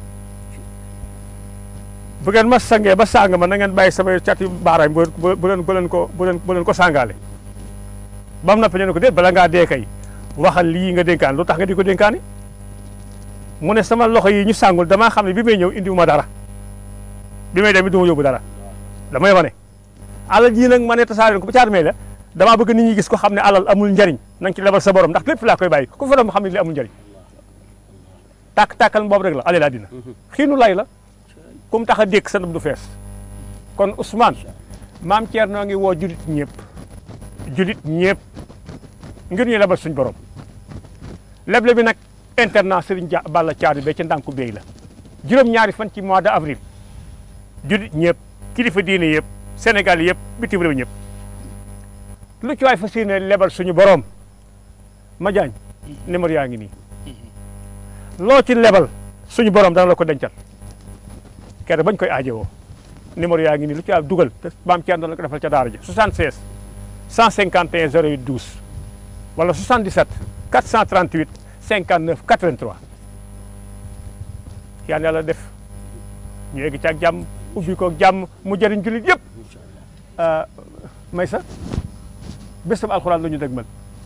bu ngeen ma sangee ba sàng ma na ngeen bàyyi samay cat yu baaraam bu leen bu ko bu leen bu leen ko sàngaale ba mu ne ko déet bala ngaa dee kay waxal lii nga dénkaan lu tax nga di ko dénkaani mu ne sama loxo yi ñu sàngul damaa xam ne bi may ñëw ma dara bi may dem du ma yóbbu dara damay wane. alal jii nag ma ne tasaare ko ba caar mee la damaa bëgg ni ñu gis ko xam ne alal amul njariñ na nga ci lebal sa borom ndax lépp laa koy bàyyi ku fi doon xam ne li amul njariñ rek la ale laa dina mm-hmm. xiinu lay la ku tax a dékk sanam du fees kon Ousmane maam Thierno ngi woo julit ñëpp julit ñëpp ngir ñu lebal suñ borom leble nag internat Serigne Dia Balla Thiaré ba ci ndànku béy la juróom-ñaari fan ci mois de avril julit ñëpp kilifa diine yëpp Sénégal yëpp bitim réew ñëpp lu ci waay fas lebal suñu boroom ma jaañ numéro yaa ngi nii mm-hmm. loo ci lebal suñu borom dana la ko dencal. keroog bañ koy woo numéro yaa ngi ni lu ci dugal te maam Thierno la ko defal ca daara ji 76 151 08 12 wala 77 438 59 83 yaan yàlla def ñu egg ci ak jàmm ubbi ko ak jàmm mu jëriñ jullit yëpp euh, may sa bésam alxuraan la ñu dëgmal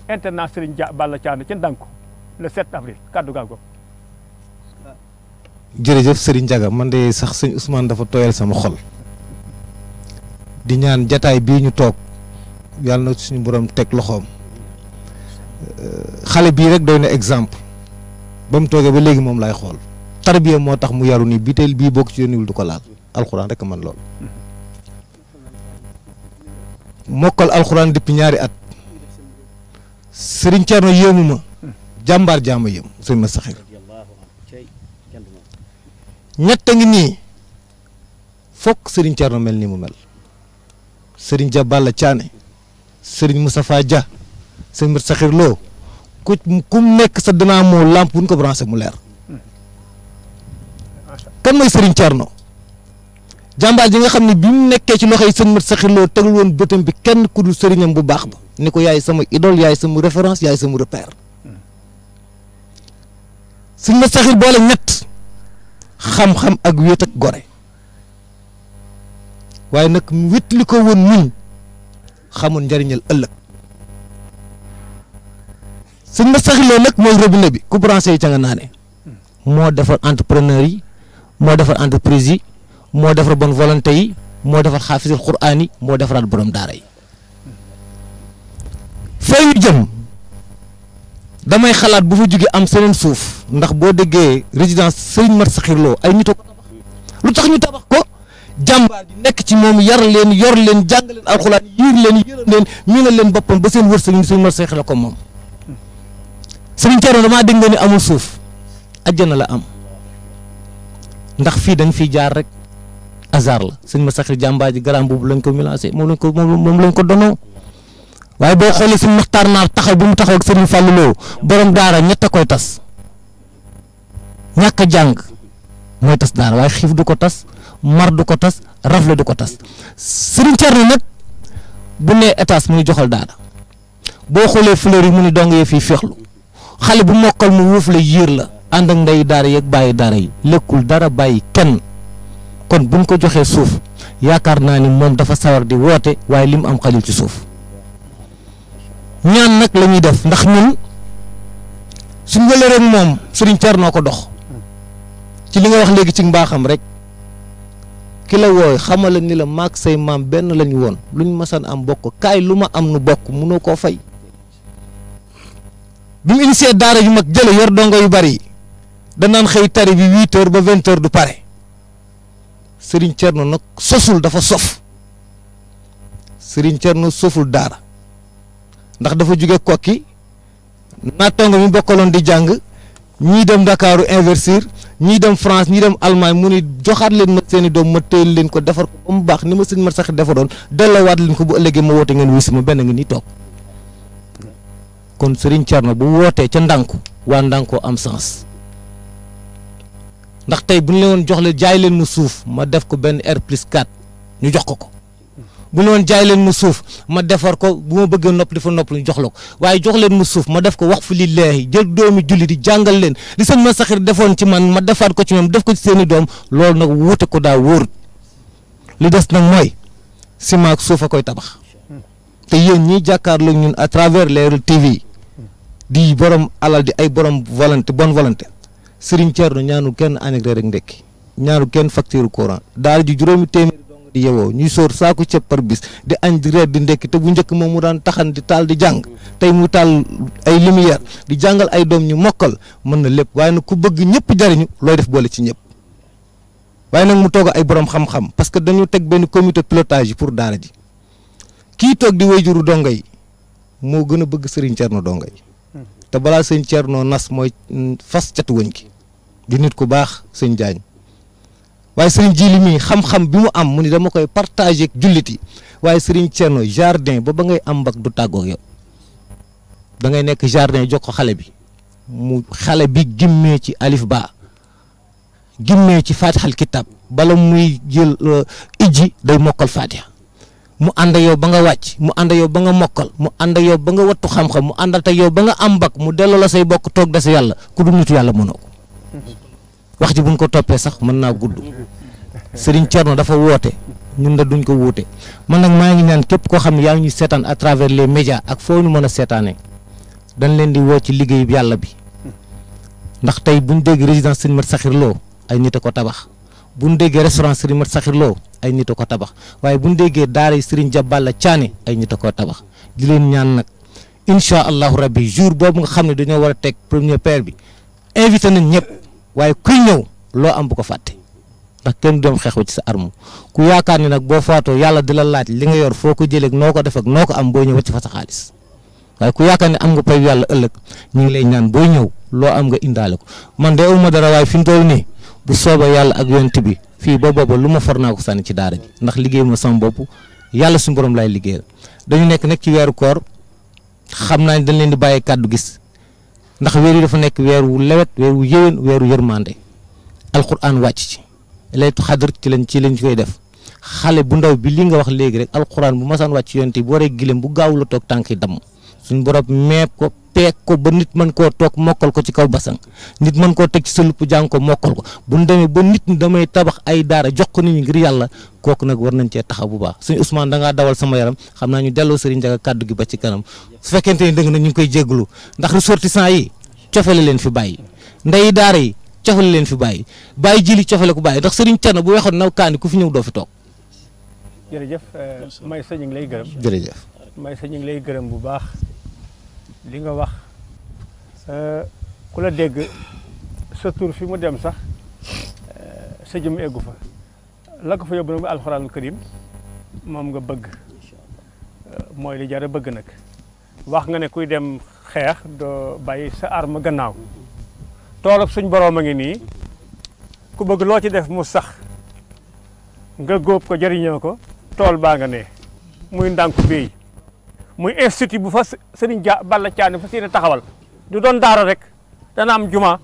internat Serigne Dia Balla Thiane ca Ndanko le 7 avril kaddu gaa goog jërëjëf Serigne Ndiaga man de sax sëñ Ousmane dafa tooyal sama xol di ñaan jataay bii ñu toog yàlla na suñu boroom teg loxoom euh, xale bii rek doy na exemple ba mu toogee ba léegi moom laay xool tarbiya moo tax mu yaru nii bi teel bii bokk ci yónniwul du ko laal alxuraan rek man lool mokkal alxuraan depuis ñaari at Serigne Thierno yéemu jàmbaar jaama yéem sëñ ma saxir ñett a ngi nii fokk Serigne Thierno mel ni mu mel sëriñ ja Balla Thiané sëriñ Moustapha Dia Serigne Mat Sakhir Lo ku ku nekk sa dynamo lampe bu ñu ko branché mu leer kan mooy Serigne Thierno jàmbaar ji nga xam ne bi mu nekkee ci loxoy Serigne Mat Sakhir Lo tegul woon bëtam bi kenn ku dul sëriñam bu baax ba ni ko yaay sama idole yaay sama référence yaay sama repère Serigne Mat Sakhir boole ñett. xam-xam ak wét ak gore waaye nag wét li ko woon nun xamul njariñal ëllëg sëñ ma saxiloo nag mooy robinet bi ku branché yi ca nga naane moo defar entrepreneur yi moo defar entreprise yi moo defar bonne volonté yi moo defar xaafisul quraan yi moo defaraat borom daara yi fee ñu jëm damay xalaat bu fa jógee am seneen suuf ndax boo déggee résidence Serigne Mat Sakhir Lo ay nit a lu tax ñu tabax ko jàmbaar ji nekk ci moom yar leen yor leen jàng leen alxuraan yiir leen yërëm leen miinal leen boppam ba seen wërsëg Serigne Mat Sakhir ko moom Serigne Thierno damaa dégg nga ni amul suuf ajjana la am ndax fii da nga jaar rek hasard la Serigne Mat Sakhir jàmbaar ji garaam boobu lañ ko mélangé moom lañ ko moom lañ ko donoo waaye boo xoolee suñu Maxtaar Naar taxaw bu mu taxaw ak Serigne Fallou Lo borom daara ñett koy tas ñàkk a jàng tas daara du ko tas mar ko tas rafle du ko tas Serigne Thierno nag bu nee étage mu ngi joxal boo xoolee fleur yi mu ni dong yee fii féexlu xale bu mokkal mu wuuf la yér la ànd ak ndey daara yeeg bàyyi daara yi lekkul dara bàyyi kenn kon bu ñu ko joxee suuf yaakaar naa ni moom dafa sawar di woote waaye li mu am xajul ci suuf. ñaan nag lañuy def ndax ñun suñ wële rek moom sëriñ noo ko dox ci li nga wax léegi ci mbaaxam rek ki la wooy xamala ni la maak say maam benn lañu woon lu luñ masaan am bokk kaay lu ma am nu bokk mënoo koo fay bi mu initié daara yu mag jële yor dongo yu bari danaan xëy tari bi huit heures ba vingt heures du pare sëriñ Thierno nag sosul dafa sof sëriñ Thierno soful daara ndax dafa jóge kokki nattango mi bokkaloon di jàng ñii dem ndakaaru investir ñii dem France ñii dem Allemagne mu ni joxaat leen ma seeni doom ma téyel leen ko defar ko ba mu baax ni ma sëñ ma sax defaroon delloowaat leen ko bu ëllëgee ma woote ngeen wis ma benn ngi ni toog kon Serigne Thierno bu wootee ca ndànku waa ndànkoo am sens ndax tey bu ñu leen woon jox leen jaay leen ma suuf ma def ko benn R plus 4 ñu jox ko ko bu noon jaay leen mu suuf ma defar ko bu ma bëggee nopp dafa nopp jox la ko waaye jox leen ma suuf ma def ko wax fu lillaahi jël doomi julli di jàngal leen li seen ma saxir defoon ci man ma defaat ko ci moom def ko ci seeni doom loolu nag wuute ko daa wóorut li des nag mooy ciment ak suuf a koy tabax te yéen ñiy jàkkaarloo ñun à travers Leral TV di borom alal di ay borom bon bonne volonté Serigne Thierno ñaanu kenn añ ak reer ak ndekki ñaanu kenn facture courant di yewoo ñuy soor saako ceeb par bis di añ di reer di ndekki te bu njëkk moom mu daan taxan di taal di jàng tey mu taal ay lumière di jàngal ay doom ñu mokkal mën na lépp waaye nag ku bëgg ñëpp jariñu looy def boole ci ñëpp waaye nag mu toog ay borom xam-xam parce que dañu teg benn comité pilotage pour daara ji kii toog di wéyjuru donga yi moo gën a bëgg Serigne na donga yi hmm. te balaa sëñ Thierno nas mooy mm, fas catu wëñ gi di nit ku baax sëñ Diagne waaye sëriñ Jili mii xam-xam bi mu am mu ni dama koy partagé ak jullit yi waaye sëriñ Thierno jardin ba ba ngay am mbag du tàggoog yow da ngay nekk jardin jox ko xale bi mu xale bi gimmee ci alif ba gimmee ci faatixal kitab bala muy jël euh, ijji day mokkal faatixa mu ànd yow ba nga wàcc mu ànd yow ba nga mokkal mu ànd yow ba nga wattu xam-xam mu ànd ak yow ba nga am mbag mu delloo la say bokk toog des yàlla ku dul nitu yàlla mënoo ko wax ji bu buñ ko toppee sax mën naa gudd Serigne Thierno dafa woote ñun da duñ ko wuute man nag maa ngi naan képp koo xam ne yaa ngi ñu seetaan à travers les médias ak foo ñu mën a seetaanee dañ leen di woo ci liggéeyu yàlla bi ndax tey bu buñ dégg résidence Serigne Mat Saxir ay nit a ko tabax bu buñ déggee restaurant Serigne Mat Saxir ay nit a ko tabax waaye bu buñ déggee daara Serigne Jaballa Thiané ay nit a ko tabax di leen ñaan nag incha allahu rabbi jour boobu xam ne dañoo war a teg premier père bi waaye kuy ñëw loo am bu ko fàtte ndax kenn doom xeexu ci sa arme ku yaakaar ne nag boo faatoo yàlla di la laaj li nga yor foo ko jëlee noo ko def ak noo ko am boo ñëw wacc fa sa xaalis waaye ku yaakaar ne am nga pay yàlla ëllëg ñu ngi lay ñaan boo ñëw loo am nga indaale ko man de uma dara waaye fi mu toll nii bu soobee yàlla ak yonent bi fii ba booba lu ma for naa ko sànni ci daara ji ndax liggéey ma sama bopp yàlla suñu borom laay liggéey dañu nekk nag ci weeru koor xam naa ne dañ leen di bàyyi kàddu gis ndax weer yi dafa nekk weer wu lawet weer wu yëwén weer wu yërmande alquran wàcc ci laytu xadr ci lañ ci lañ koy def xale bu ndaw bi li nga wax léegi rek alquran bu masaan wàcc yoon yonte bu waree gileem bu gaaw la toog tànk yi damm suñ borom meeb ko teeg ko ba nit mën koo toog mokkal ko ci kaw basang nit mën koo teg ci sa lupp jàng ko mokkal ko bu ñu demee ba nit damay tabax ay daara jox ko nit ñi ngir yàlla kooku nag war nañ cee taxaw bu baax suñu Ousmane da ngaa dawal sama yaram xam naa ñu delloo Serigne Ndiaga kàddu gi ba ci kanam fekkente ni dëgg na ñu ngi koy jégalu ndax ressortissant yi cofale leen fi bàyyi ndeyi daara yi cofale leen fi bàyyi bàyyi jili cofale ko bàyyi ndax Serigne Thierno bu weexoon nag kaani ku fi ñëw doo fi toog jërëjëf eh, may sa ñu ngi lay gërëm jërëjëf ngi lay gërëm bu baax li nga wax ku la dégg sa tur fi mu dem sax eh, sa jëm eggu fa la ko fa yóbbu nag ba alxuraanul karim moom nga bëgg eh, mooy li a bëgg nag wax nga ne kuy dem xeex doo bàyyi sa arme gannaaw toolab suñ boroom a ngi nii ku bëgg loo ci def mu sax nga góob ko jëriñoo ko tool baa nga ne muy ndànku béy muy institut bu fa Serigne Dia Balla Thiane fa seen taxawal du doon daara rek dana am juma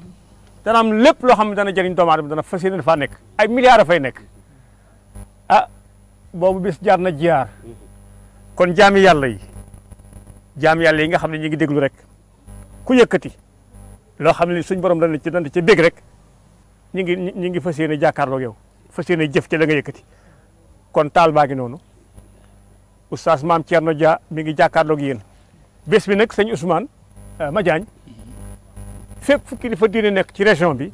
dana lépp loo xam ne dana jëriñ doomu aadama dana fas yéene faa nekk ay milliards fay nekk a ah, boobu bis jaar na jiyaar kon jaami yàlla yi jaami yàlla yi nga xam ne ñu ngi déglu rek ku yëkkati loo xam ne suñ borom dana ci dana ci bég rek ñu ngi ñu ngi fas yéene jàkkaarloog yow fas yéene jëf ci la nga yëkkati kon taal baa noonu. oustaz maam Thierno Dia mi ngi jàkkaarloog yéen bés bi nag sëñ Ousmane euh, Madiagne fépp fu kilifa diine nekk ci région bi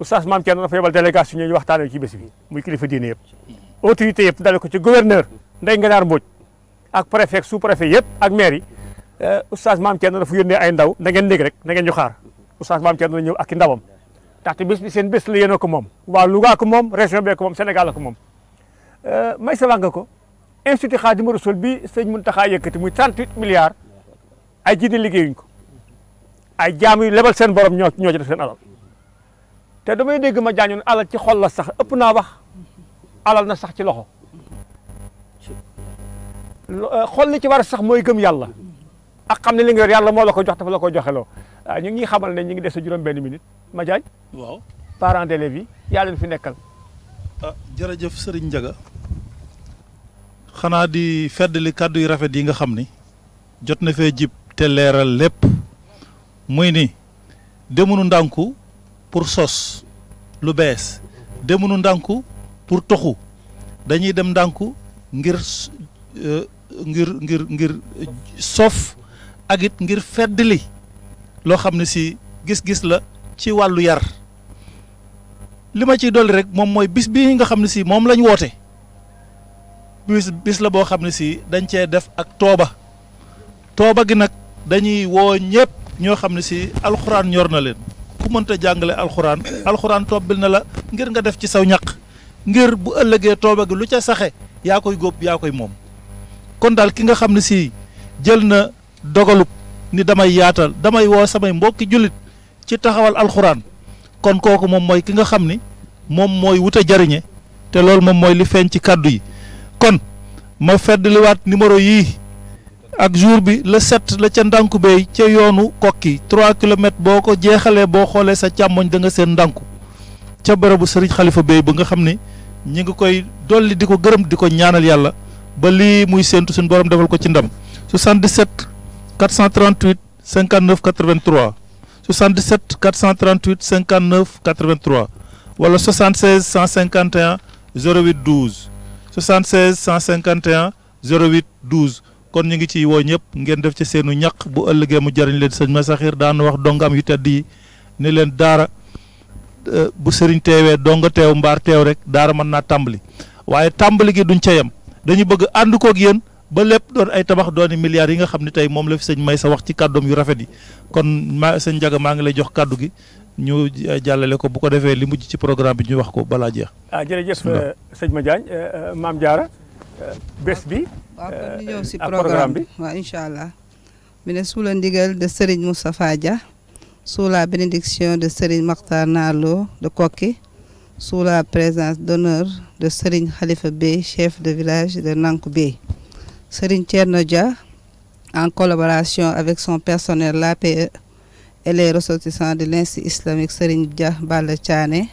oustaz maam Thierno dafa yebal délégation ñooñu waxtaanee ci bés bi muy kilifa diine yëpp. autorité yëpp ko ci gouverneur Ndeye Ngenaar Mbodj ak préfet sous préfet yëpp ak maire yi euh, oustaz maam Thierno ay ndaw na ngeen léegi rek na ngeen ñu xaar oustaz maam Thierno ñëw ak i ndawam. ndaxte bés bi seen bés la yéen ko moom waa Louga moom région bi ko moom Sénégal moom euh, may sa ko. institut Xaadimu Rasuul bi sëñ Muntaxa yëkkati muy 38 milliards ay jiite liggéeyuñ ko ay jaam lebal seen borom ñoo ñoo ci def seen alal te damay dégg ma jaañoon alal ci xol la sax ëpp naa wax alal na sax ci loxo eh, xol li ci war sax mooy gëm yàlla ak xam ne li nga yàlla moo la ko jox dafa la ko joxeloo waaw ah, ñu ngi xamal ne ñu ngi des sa juróom benn minute ma jaañ waaw parents d'élèves yi fi nekkal ah jërëjëf Serigne Ndiaga xanaa di feddali kàddu yu rafet yi nga xam ni jot na fee jib te leeral lépp muy ni demunu ndànku pour sos lu bees demunu ndànku pour toxu dañuy dem ndànku ngir euh, ngir ngir ngir sof ak ngir feddali loo xam ne si gis-gis la ci wàllu yar li ma ciy dolli rek moom mooy bis bi nga xam ne si moom lañ woote bis bis la boo xam ne sii dañ cee def ak tooba tooba gi nag dañuy woo ñëpp ñoo xam ne si alxuraan ñor na leen ku mënta jàngale alxuraan alxuraan tobbil na la ngir nga def ci saw ñaq ngir bu ëllëgee tooba gi lu ca saxe yaa koy góob yaa koy moom kon daal ki nga xam ne si jël na dogalub ni damay yaatal damay woo samay mbokki jullit ci taxawal alxuraan kon kooku moom mooy ki nga xam ni moom mooy wut jariñe te loolu moom mooy li feeñ ci kàddu yi kon ma feddliwaat numéro yii ak jour bi le sept la ca ndànku bay ca yoonu kokki trois kilomètres boo ko jeexalee boo xoolee sa càmmoñ da nga seen ndànku ca bërëbu sëriñ xalifa bay ba nga xam ni ñu ngi koy dolli di ko gërëm di ko ñaanal yàlla ba lii muy séentu suñu borom defal ko ci ndam 77 438 59 83 77 438 59 wala 76 151 08 76 151 08 douze kon ñu ngi ciy woo ñëpp ngeen def ci seenu ñaq bu ëllëgee mu jëriñ leen sëñ Massaxir daan wax dongam yu tedd yi ne leen daara euh, bu sëriñ teewee donga teew mbaar teew rek daara mën naa tàmbali waaye tàmbali gi duñ ca yem dañu bëgg ànd kook yéen ba lépp doon ay tabax dooni milliards yi nga xam ne tey moom la fi sëñ may sa wax ci kàddoom yu rafet yi kon ma sëñ Njaga maa ngi lay jox kàddu gi ñëw euh, jàllale ko bu ko defee li mujj ci programme bi ñu wax ko balaa jeex. ah jërëjëf euh, sëñ Madiagne euh, maam Diarra bés bi. waaw programme bi waaw incha allah. mi ne sous ndigal de Serigne Moustapha Dia sous la bénédiction de Serigne Makhtar Nalo de Koki sous la présence d'honneur de Serigne Khalifa Bey chef de village de Nankou Bey Serigne Thierno Dia en collaboration avec son personnel l'APE et les ressortissants de l'Institut islamique Serigne Dia Balla Thiané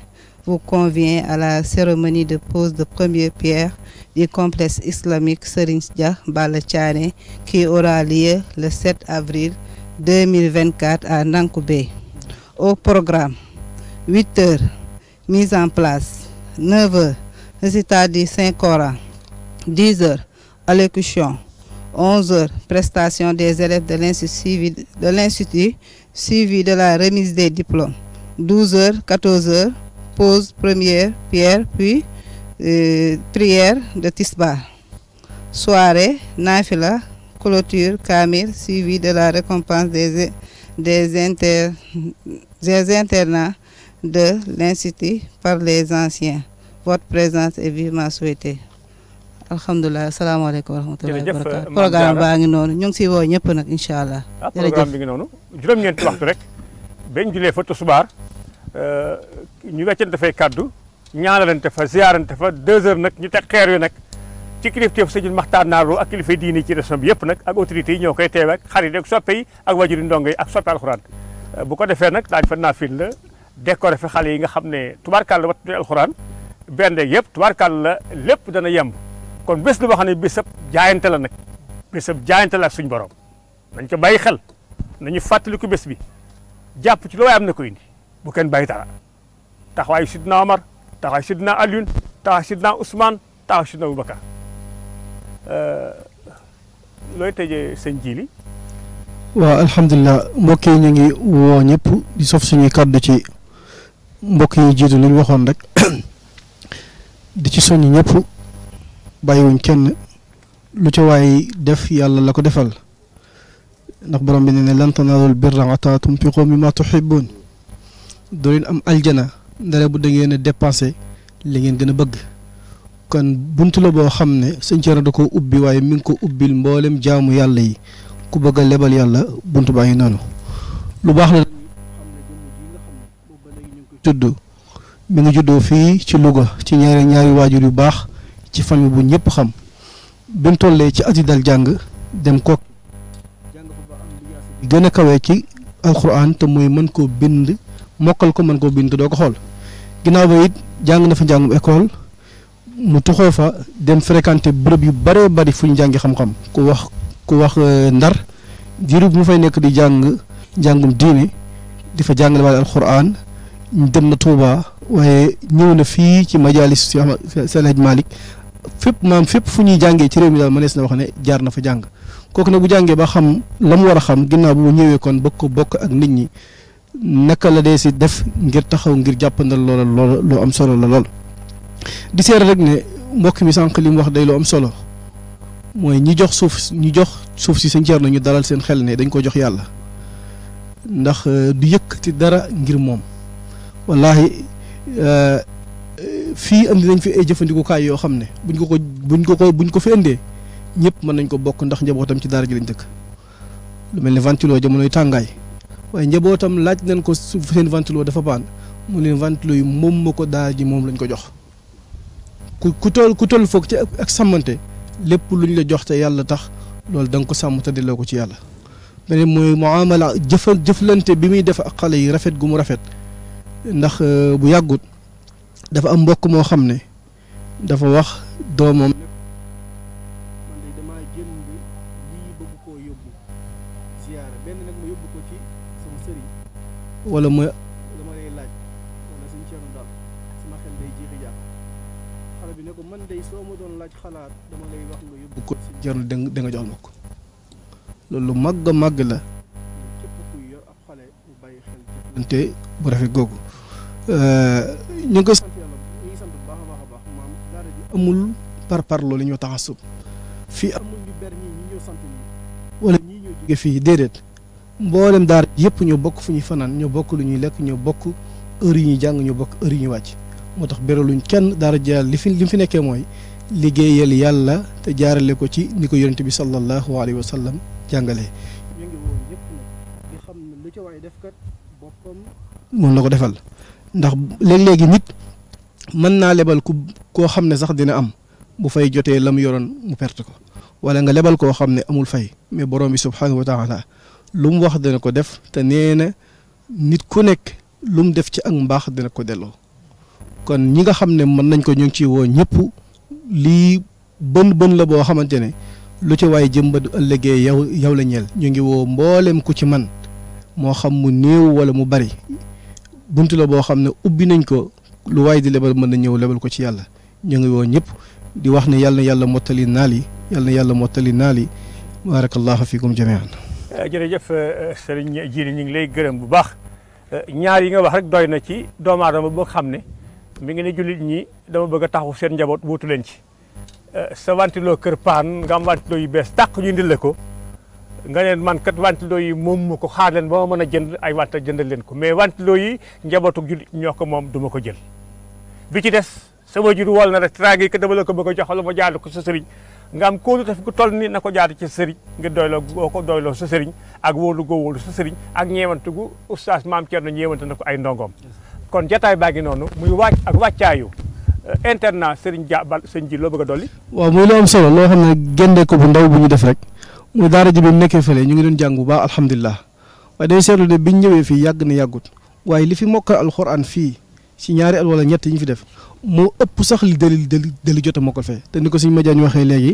vous convient à la cérémonie de pose de première pierre du complexe islamique Serigne Dia Balla Thiané qui aura lieu le 7 avril 2024 à Nankoubé. Au programme, 8 heures, mise en place, 9 heures, récitat du cinq coran 10 heures, allocution, heures, prestation des élèves de l'Institut suivi de la remise des diplômes. 12 heures, 14 heures, pause première pierre, puis euh, prière de Tisbar. Soirée, Nafila, clôture, camire suivi de la récompense des, des, inter, des internats de l'Institut par les anciens. Votre présence est vivement souhaitée. alhamdulilah asalaamaaleykum wa rahmatullahi wa barakaatu programme baa ngi noonu ñu ngi siy woo ñëpp nag incha allah. Ah, jërëjëf bi ngi noonu juróom-ñeenti waxtu rek. bañ julee fa tusubaar euh, ñu weccante fay kaddu ñaanalante fa ziarante fa deux heures nag ñu teg xeer yu nag ci kilifteef sëñ Maxtaar Naaroo ak kilifa diini ci région bi yëpp nag ak autorités yi ñoo koy teew ak xarit ak soppe yi ak wajuri ndongo ak soppe alxuraan euh, bu ko defee nag daañu fa naafil la décoré fa xale yi nga xam ne tubaarkàlla wattuñu alxuraan benn yëpp tubaarkàlla lépp dana yemb kon bés la boo xam ne bésab jaayante la nag bésab jaayante la ak suñu borom nañ ko bàyyi xel nañu fàttali ko bés bi jàpp ci lu waay am na ko indi bu kenn bàyyi dara taxawaayu sidna Omar taxawaayu sidna Alioune taxawaayu sidna Ousmane taxawaayu sidna Aboubacar euh, looy tëjee sëñ ji li waaw mbokk yi ñu ngi woo ñëpp di sof suñuy kàddu ci mbokk yi jiitu li waxoon rek di ci soññ ñëpp. bàyyiwuñ kenn lu ca waay def yàlla la ko defal ndax borom bi nee ne lan tanaalul birra hattaa tunfiqu mimmaa tuhibbuun doo leen am aljana ndare bu da ngeen a dépassé li ngeen gën a bëgg kon bunt la boo xam ne sëñ Thierno da koo ubbi waaye mi ngi ko ubbil mboolem jaamu yàlla yi ku bëgg a lebal yàlla bunt baa ngi noonu lu baax la tudd mi juddoo fii ci Louga ci ñaari ñaari waajur yu baax ci famille bu ñëpp xam bi ci at yi dal jàng dem ko jàng a kawee ci alxuraan te mooy mën koo bind mokkal ko mën koo bind doo ko xool ginnaaw ba it jàng na fa njàngum école mu tuxoo fa dem fréquenté bërëb yu bëree bëri fu ñu jàngi xam-xam ku wax ku wax euh, ndar diiru bu mu fay nekk di jàng jàngum diine di fa jàngale wàllu alxuraan dem na tuuba waaye ñëw na fii ci majalis si Alaaji Malick fépp maam fépp fu ñuy jàngee ci réew mi daal mënees na wax ne jaar na fa jàng kooku nag bu jàngee ba xam la mu war a xam ginnaaw mu ñëwee kon ko bokk ak nit ñi naka la dee si def ngir taxaw ngir jàppandal loola loola loo am solo la lool. di seere rek ne mbokk mi sànq li mu wax day lu am solo mooy ñi jox suuf ñi jox suuf si sëñ Ceerno ñu dalal seen xel ne dañ ko jox yàlla ndax euh, du ci dara ngir moom wallaahi. Euh, fii indi nañ fi ay jëfandikukaay yoo xam ne buñ ko ko buñ ko ko buñ ko fi indee ñëpp mën nañ ko bokk ndax njabootam ci daara ji lañ dëkk lu mel ne ventilo jamonoy tàngaay waaye njabootam laaj nañ ko seen ventilo dafa baan mu leen ventilo yi moom ma ko daara ji moom lañ ko jox ku ku toll ku toll foog ci ak sàmmante lépp luñ la jox te yàlla tax loolu da nga ko sàmm te delloo ko ci yàlla beneen mooy muamala jëfal jëflante bi muy def ak xale yi rafet gu mu rafet ndax euh, bu yàggut dafa am mbokk moo xam ne dafa wax doomam man de damaa jëm bi bëgg koo yóbbu ziyaara benn nag ma yóbbu ko ci wala ma dama lay laaj wala suñ ceenu daal sama xel day xale bi ne ko man day soo ma doon laaj xalaat dama lay wax nga yóbbu ko si ceenu da nga jox ma ko loolu lu màgg a màgg la képp kuy yor ab xale bu bàyyi xel jëflante bu rafet googu euh, ñu ngi amul par par li ñu taxasub fii amul ñu ber ñi ñoo sant ñi wala ñii ñoo jóge fii déedéet mboolem daar yëpp ñoo bokk fu ñuy fanaan ñoo bokk lu ñuy lekk ñoo bokk heure yi ñuy jàng ñoo bokk heure yi wàcc moo tax beraluñ kenn daara jaal li fi li fi nekkee mooy liggéeyal yàlla te jaarale ko ci ni ko yonente bi sallallahu alayhi wa sallam jàngalee moom la ko defal ndax léeg-léegi nit mën naa lebal ku koo xam ne sax dina am bu fay jotee la mu yoroon mu perte ko wala nga lebal koo xam ne amul fay mais borom bi subxanahu wa taala lu mu wax dina ko def te nee na nit ku nekk lu mu def ci ak mbaax dina ko delloo kon ñi nga xam ne mën nañ ko ñu ngi ciy woo ñëpp lii bën bën la boo xamante ne lu ci waay jëmba du ëllëgee yow yow la ñeel ñu ngi woo mbooleem ku ci man moo xam mu néew wala mu bari bunt la boo xam ne ubbi nañ ko. lu waay di lebal mën na ñëw lebal ko ci yàlla ñu ngi woo ñëpp di wax ne yàlla yàlla mottali naa li yàlla yàlla mottali naal yi barakallahu fikum jamian eh, jërëjëf eh, sëriñ Jili ñu ngi lay gërëm bu baax eh, ñaar yi nga wax rek doy na ci doomu boo xam ne mi ngi ne jullit ñi dama bëgg a seen njaboot wuutu leen ci sa wantiloo kër paan nga am wantiloo yu bees tàq ñu indil la ko nga neen man kat wantiloo yi moom mu ko xaar leen ba ma mën a jënd ay wanta jëndal leen ko mais wantiloo yi njabootu jullit ñoo ko moom duma ko jël bi ci des sama jur wol na rek traagi que dama la ko bëgg a jox wala ma jaadu ko sa sëriñ nga am kóolu def ku toll ni na ko jaadu ci sa sëriñ nga doyloo goo ko doyloo sa sëriñ ak wóolu goo wóolu sa sëriñ ak ñeewantu gu oustaz maam Thierno ñeewante na ko ay ndongoom kon jataay baa ngi noonu muy wàcc ak wàccaayu euh, internat sëriñ Dia Bal sëriñ ji loo bëgg a dolli. waaw muy lu loo xam ko bu ndaw bu ñu def rek muy daara ji bi mu nekkee fële ñu ngi doon jàng bu baax alhamdulilah waaye dañu seetlu ne biñ ñëwee fii yàgg na yàggut waaye li fi mokkal alxuraan fii si ñaari at wala ñett yi ñu fi def moo ëpp sax li dali dali dali jot a mokkal fee te ni ko suñu Madiagne waxee léegi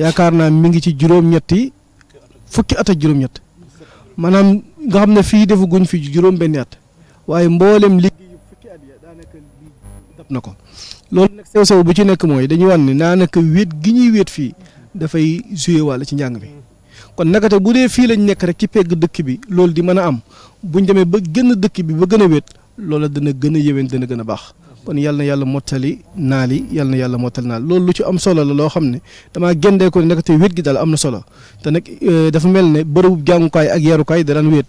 yaakaar naa mu ngi ci juróom-ñetti fukki at ak juróom-ñett maanaam nga xam ne fii defaguñ fi juróom-benni at waaye mboolem liggéey fukki at ya na ko loolu nag sew sew bu ci nekk mooy dañuy wan naa daanaka wéet gi ñuy wéet fii dafay joué wàll ci njàng bi kon nakate bu dee fii lañ nekk rek ci pegg dëkk bi loolu di mën a am buñ demee ba gën dëkk bi ba gën a wéet loola dana gën a yéwén dana gën a baax kon yàlla yàlla mottali naal yi yàlla na yàlla mottali naal loolu lu ci am solo la loo xam ne damaa géndee ko ne nag te wéet gi daal am na solo te nag euh, dafa mel ne bërëbu jàngukaay ak yarukaay da daan wéet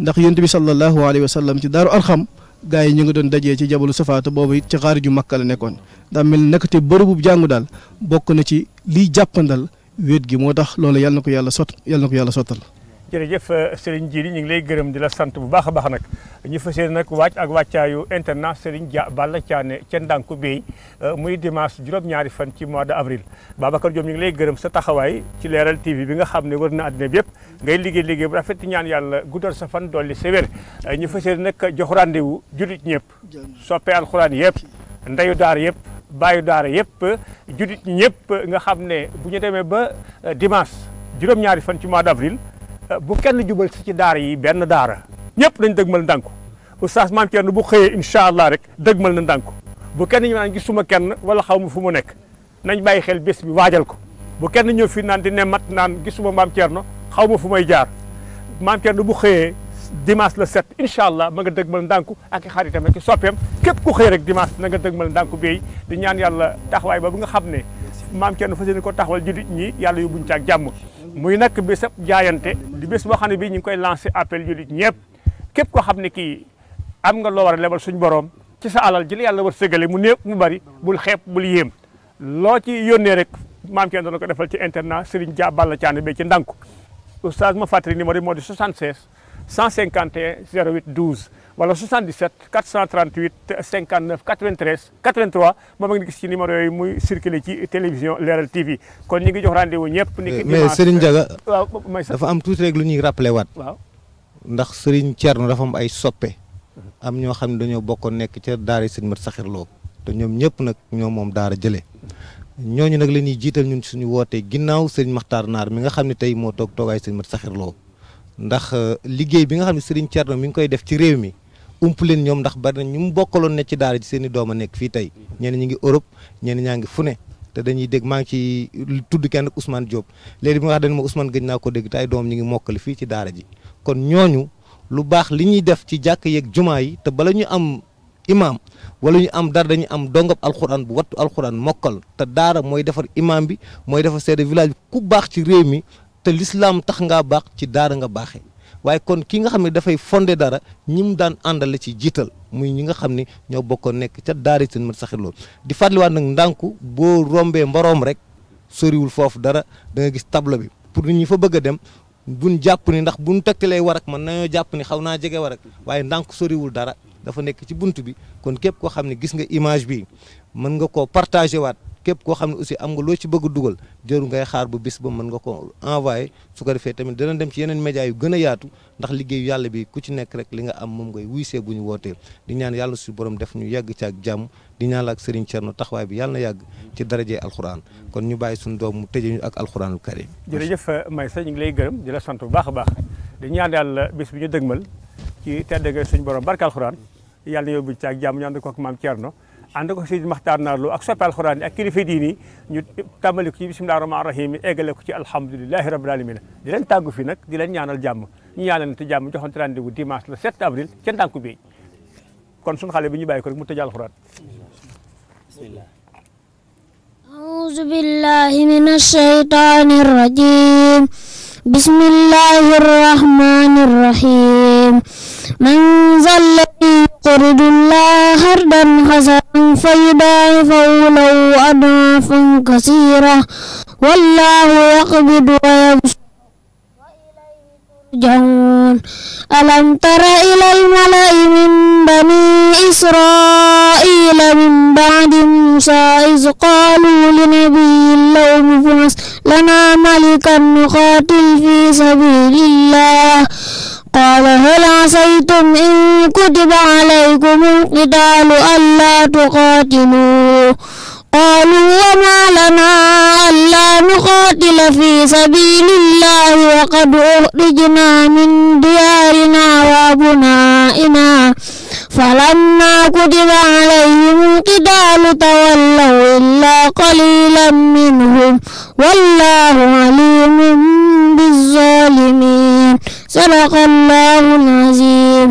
ndax yonent bi sallallahu alayhi wa sallam ci daaru arxam gaa yi ñu ngi doon dajee ci jabalu safaata boobu it ci xaar ju makka la nekkoon daa mel ne nag te bërëbu jàngu daal bokk na ci liy jàppandal wéet gi moo tax loolu yàlla na ko yàlla sott yàlla ko yàlla sottal jërëjëf euh, Serigne Djily ñu ngi lay gërëm di la sant bu baax a baax nag ñu fas yéene nag wàcc ak wàccaayu internat Serigne Dia Balla Thiané ca Ndanku Bey euh, muy dimanche juróom-ñaari fan ci mois de avril Babacar Diop ñu ngi lay gërëm sa taxawaay ci leeral TV bi nga xam ne wër na àddina bi yëpp ngay liggéey liggéey bu rafet ñaan sa fan dolli sa wér euh, ñu fas yéene nag jox rendez-vous jullit ñëpp soppe alxuraan yëpp ndeyu daar yëpp baayu daara yëpp jullit ñëpp nga xam ne bu ñu demee ba dimanche juróom fan ci mois d' avril bu kenn jubal si ci daara yi benn daara ñëpp dañ mal ndànku oustaz maam Thierno bu xëyee incha allah rek dëgmal na ndànku bu kenn ñu naan gisuma kenn wala xaw ma fu mu nekk nañ bàyyi xel bés bi waajal ko bu kenn ñëw fii naan di ne mat naan gisuma maam Thierno xaw ma fu may jaar maam Thierno bu xëyee dimanche la set incha allah ma nga mal ndànku ak i xaritam ak i soppeem képp ku xëy rek dimanche na nga mal ndànku béy di ñaan yàlla taxawaay ba bu nga xam ne maam Thierno fas yéene ko taxawal jullit ñi yàlla yóbbuñ ci jàmm muy nag bésab jaayante di bés boo xam ne bii ñu ngi koy lancé appel jullit ñëpp képp koo xam ne kii am nga loo war a lebal suñu borom ci sa alal jil la yàlla war sëgale mu néew mu bari bul xeeb bul yéem loo ci yónnee rek maam kenn doon ko defal ci internat Serigne Dia Balla Thiane ba ci ndànk oustaz ma fàttali numéro yi moo di 76 151 08 12. wala 77 438 59 93 83 moom nga gis ci numéro yooyu muy circulé ci télévision Leral TV kon ñu ngi jox rendez-vous ñëpp. ni ki mais Serigne Ndiaga. dafa am tuuti rek lu ñuy rappelé waat. waaw ndax Serigne Thierno dafa am ay soppe. am ñoo xam ne dañoo bokkoon nekk ca Daara Sëriñ Mat Saxir te ñoom ñëpp nag ñoo moom Daara jëlee. ñooñu nag la ñuy jiital ñun suñu wootee ginnaaw Serigne maxtaar Naar mi nga xam ne tey moo toog toogaay Sëriñ Mat Saxir Lo ndax euh, liggéey bi nga xam ne Serigne Thierno mi ngi koy def ci réew mi ump leen ñoom ndax bari na ñu mu bokkaloon ne ci daara ji seeni i nekk fii tey ñenn ñi ngi Europe ñenn ñaa ngi fu ne te dañuy dégg maa ngi ci tudd kenn usmaan Diop léegi bi nga wax dañ ma naa ko dégg ay doom ñi ngi mokkale fii ci daara ji kon ñooñu lu baax li ñuy def ci jàkk yeeg jumaa yi te bala ñu am imaam wala ñu am dara dañuy am dongab alxuraan bu wattu alxuraan mokkal te daara mooy defar imaam bi mooy defar seede village bi ku baax ci réew mi te lislaam tax ngaa baax ci daara nga baaxe waaye kon ki nga xam ne dafay fonde dara ñi mu daan àndal ci jiital muy ñi nga xam ne ñoo bokkoon nekk ca daari seen mat saxit loolu di fàttaliwaat nag ndànku boo rombee mboroom rek soriwul foofu dara da nga gis tableau bi pour nit ñi fa bëgg a dem buñ jàpp ni ndax buñ tegtalee war ak man nañoo jàpp ni xaw naa jege war waaye ndànk soriwul dara dafa nekk ci bunt bi kon képp koo xam ne gis nga image bi mën nga koo partagé waat képp koo xam ne aussi am nga loo ci bëgg dugal jëru ngay xaar bu bis ba mën nga ko envoyé su ko defee tamit dana dem ci yeneen média yu gën a yaatu ndax liggéeyu yàlla bi ku ci nekk rek li nga am moom ngay wuy see bu ñu wootee di ñaan yàlla su borom def ñu yàgg ci ak jàmm di ñaan la ak Serigne Thierno taxawaay bi yàlla yàgg ci darajee alxuraan kon ñu bàyyi suñu doom mu tëjee ñu ak alxuraanul karim jërëjëf Maysa ñu ngi lay gërëm di sant bu baax a baax di ñaan yàlla bis bi ñu mal ci tedd nga suñu borom barke alxuraan yàlla na yóbbu ci ak jàmm ñu ànd ko ak maam Thierno ànd ko Seydi Maxtaar Naarlo ak soppi alxuraan ak kilifa diini ñu tàmbali ci bisimilah rahmaani rahiim eggale ko ci alhamdulilahi rabbil alamin di leen tàggu fi nag di leen ñaanal jàmm ñu ñaanalante jàmm joxante rendez-vous dimanche le 7 avril ta ndànku bi kon sunu xale bi ñu bàyyi ko rek mu tëj alxuraan يقرض الله قرضا حسنا فيضاعفه له أضعافا كثيرة والله يقبض ويبسط يرجعون ألم تر إلى الملأ من بني إسرائيل من بعد موسى إذ قالوا لنبي لهم ابعث لنا ملكا نقاتل في سبيل الله قال هل عصيتم إن كتب عليكم القتال ألا تقاتلوا قالوا وما لنا ألا نقاتل في سبيل الله وقد أخرجنا من ديارنا وأبنائنا فلما كتب عليهم القتال تولوا إلا قليلا منهم والله عليم بالظالمين sadaqallahul aziim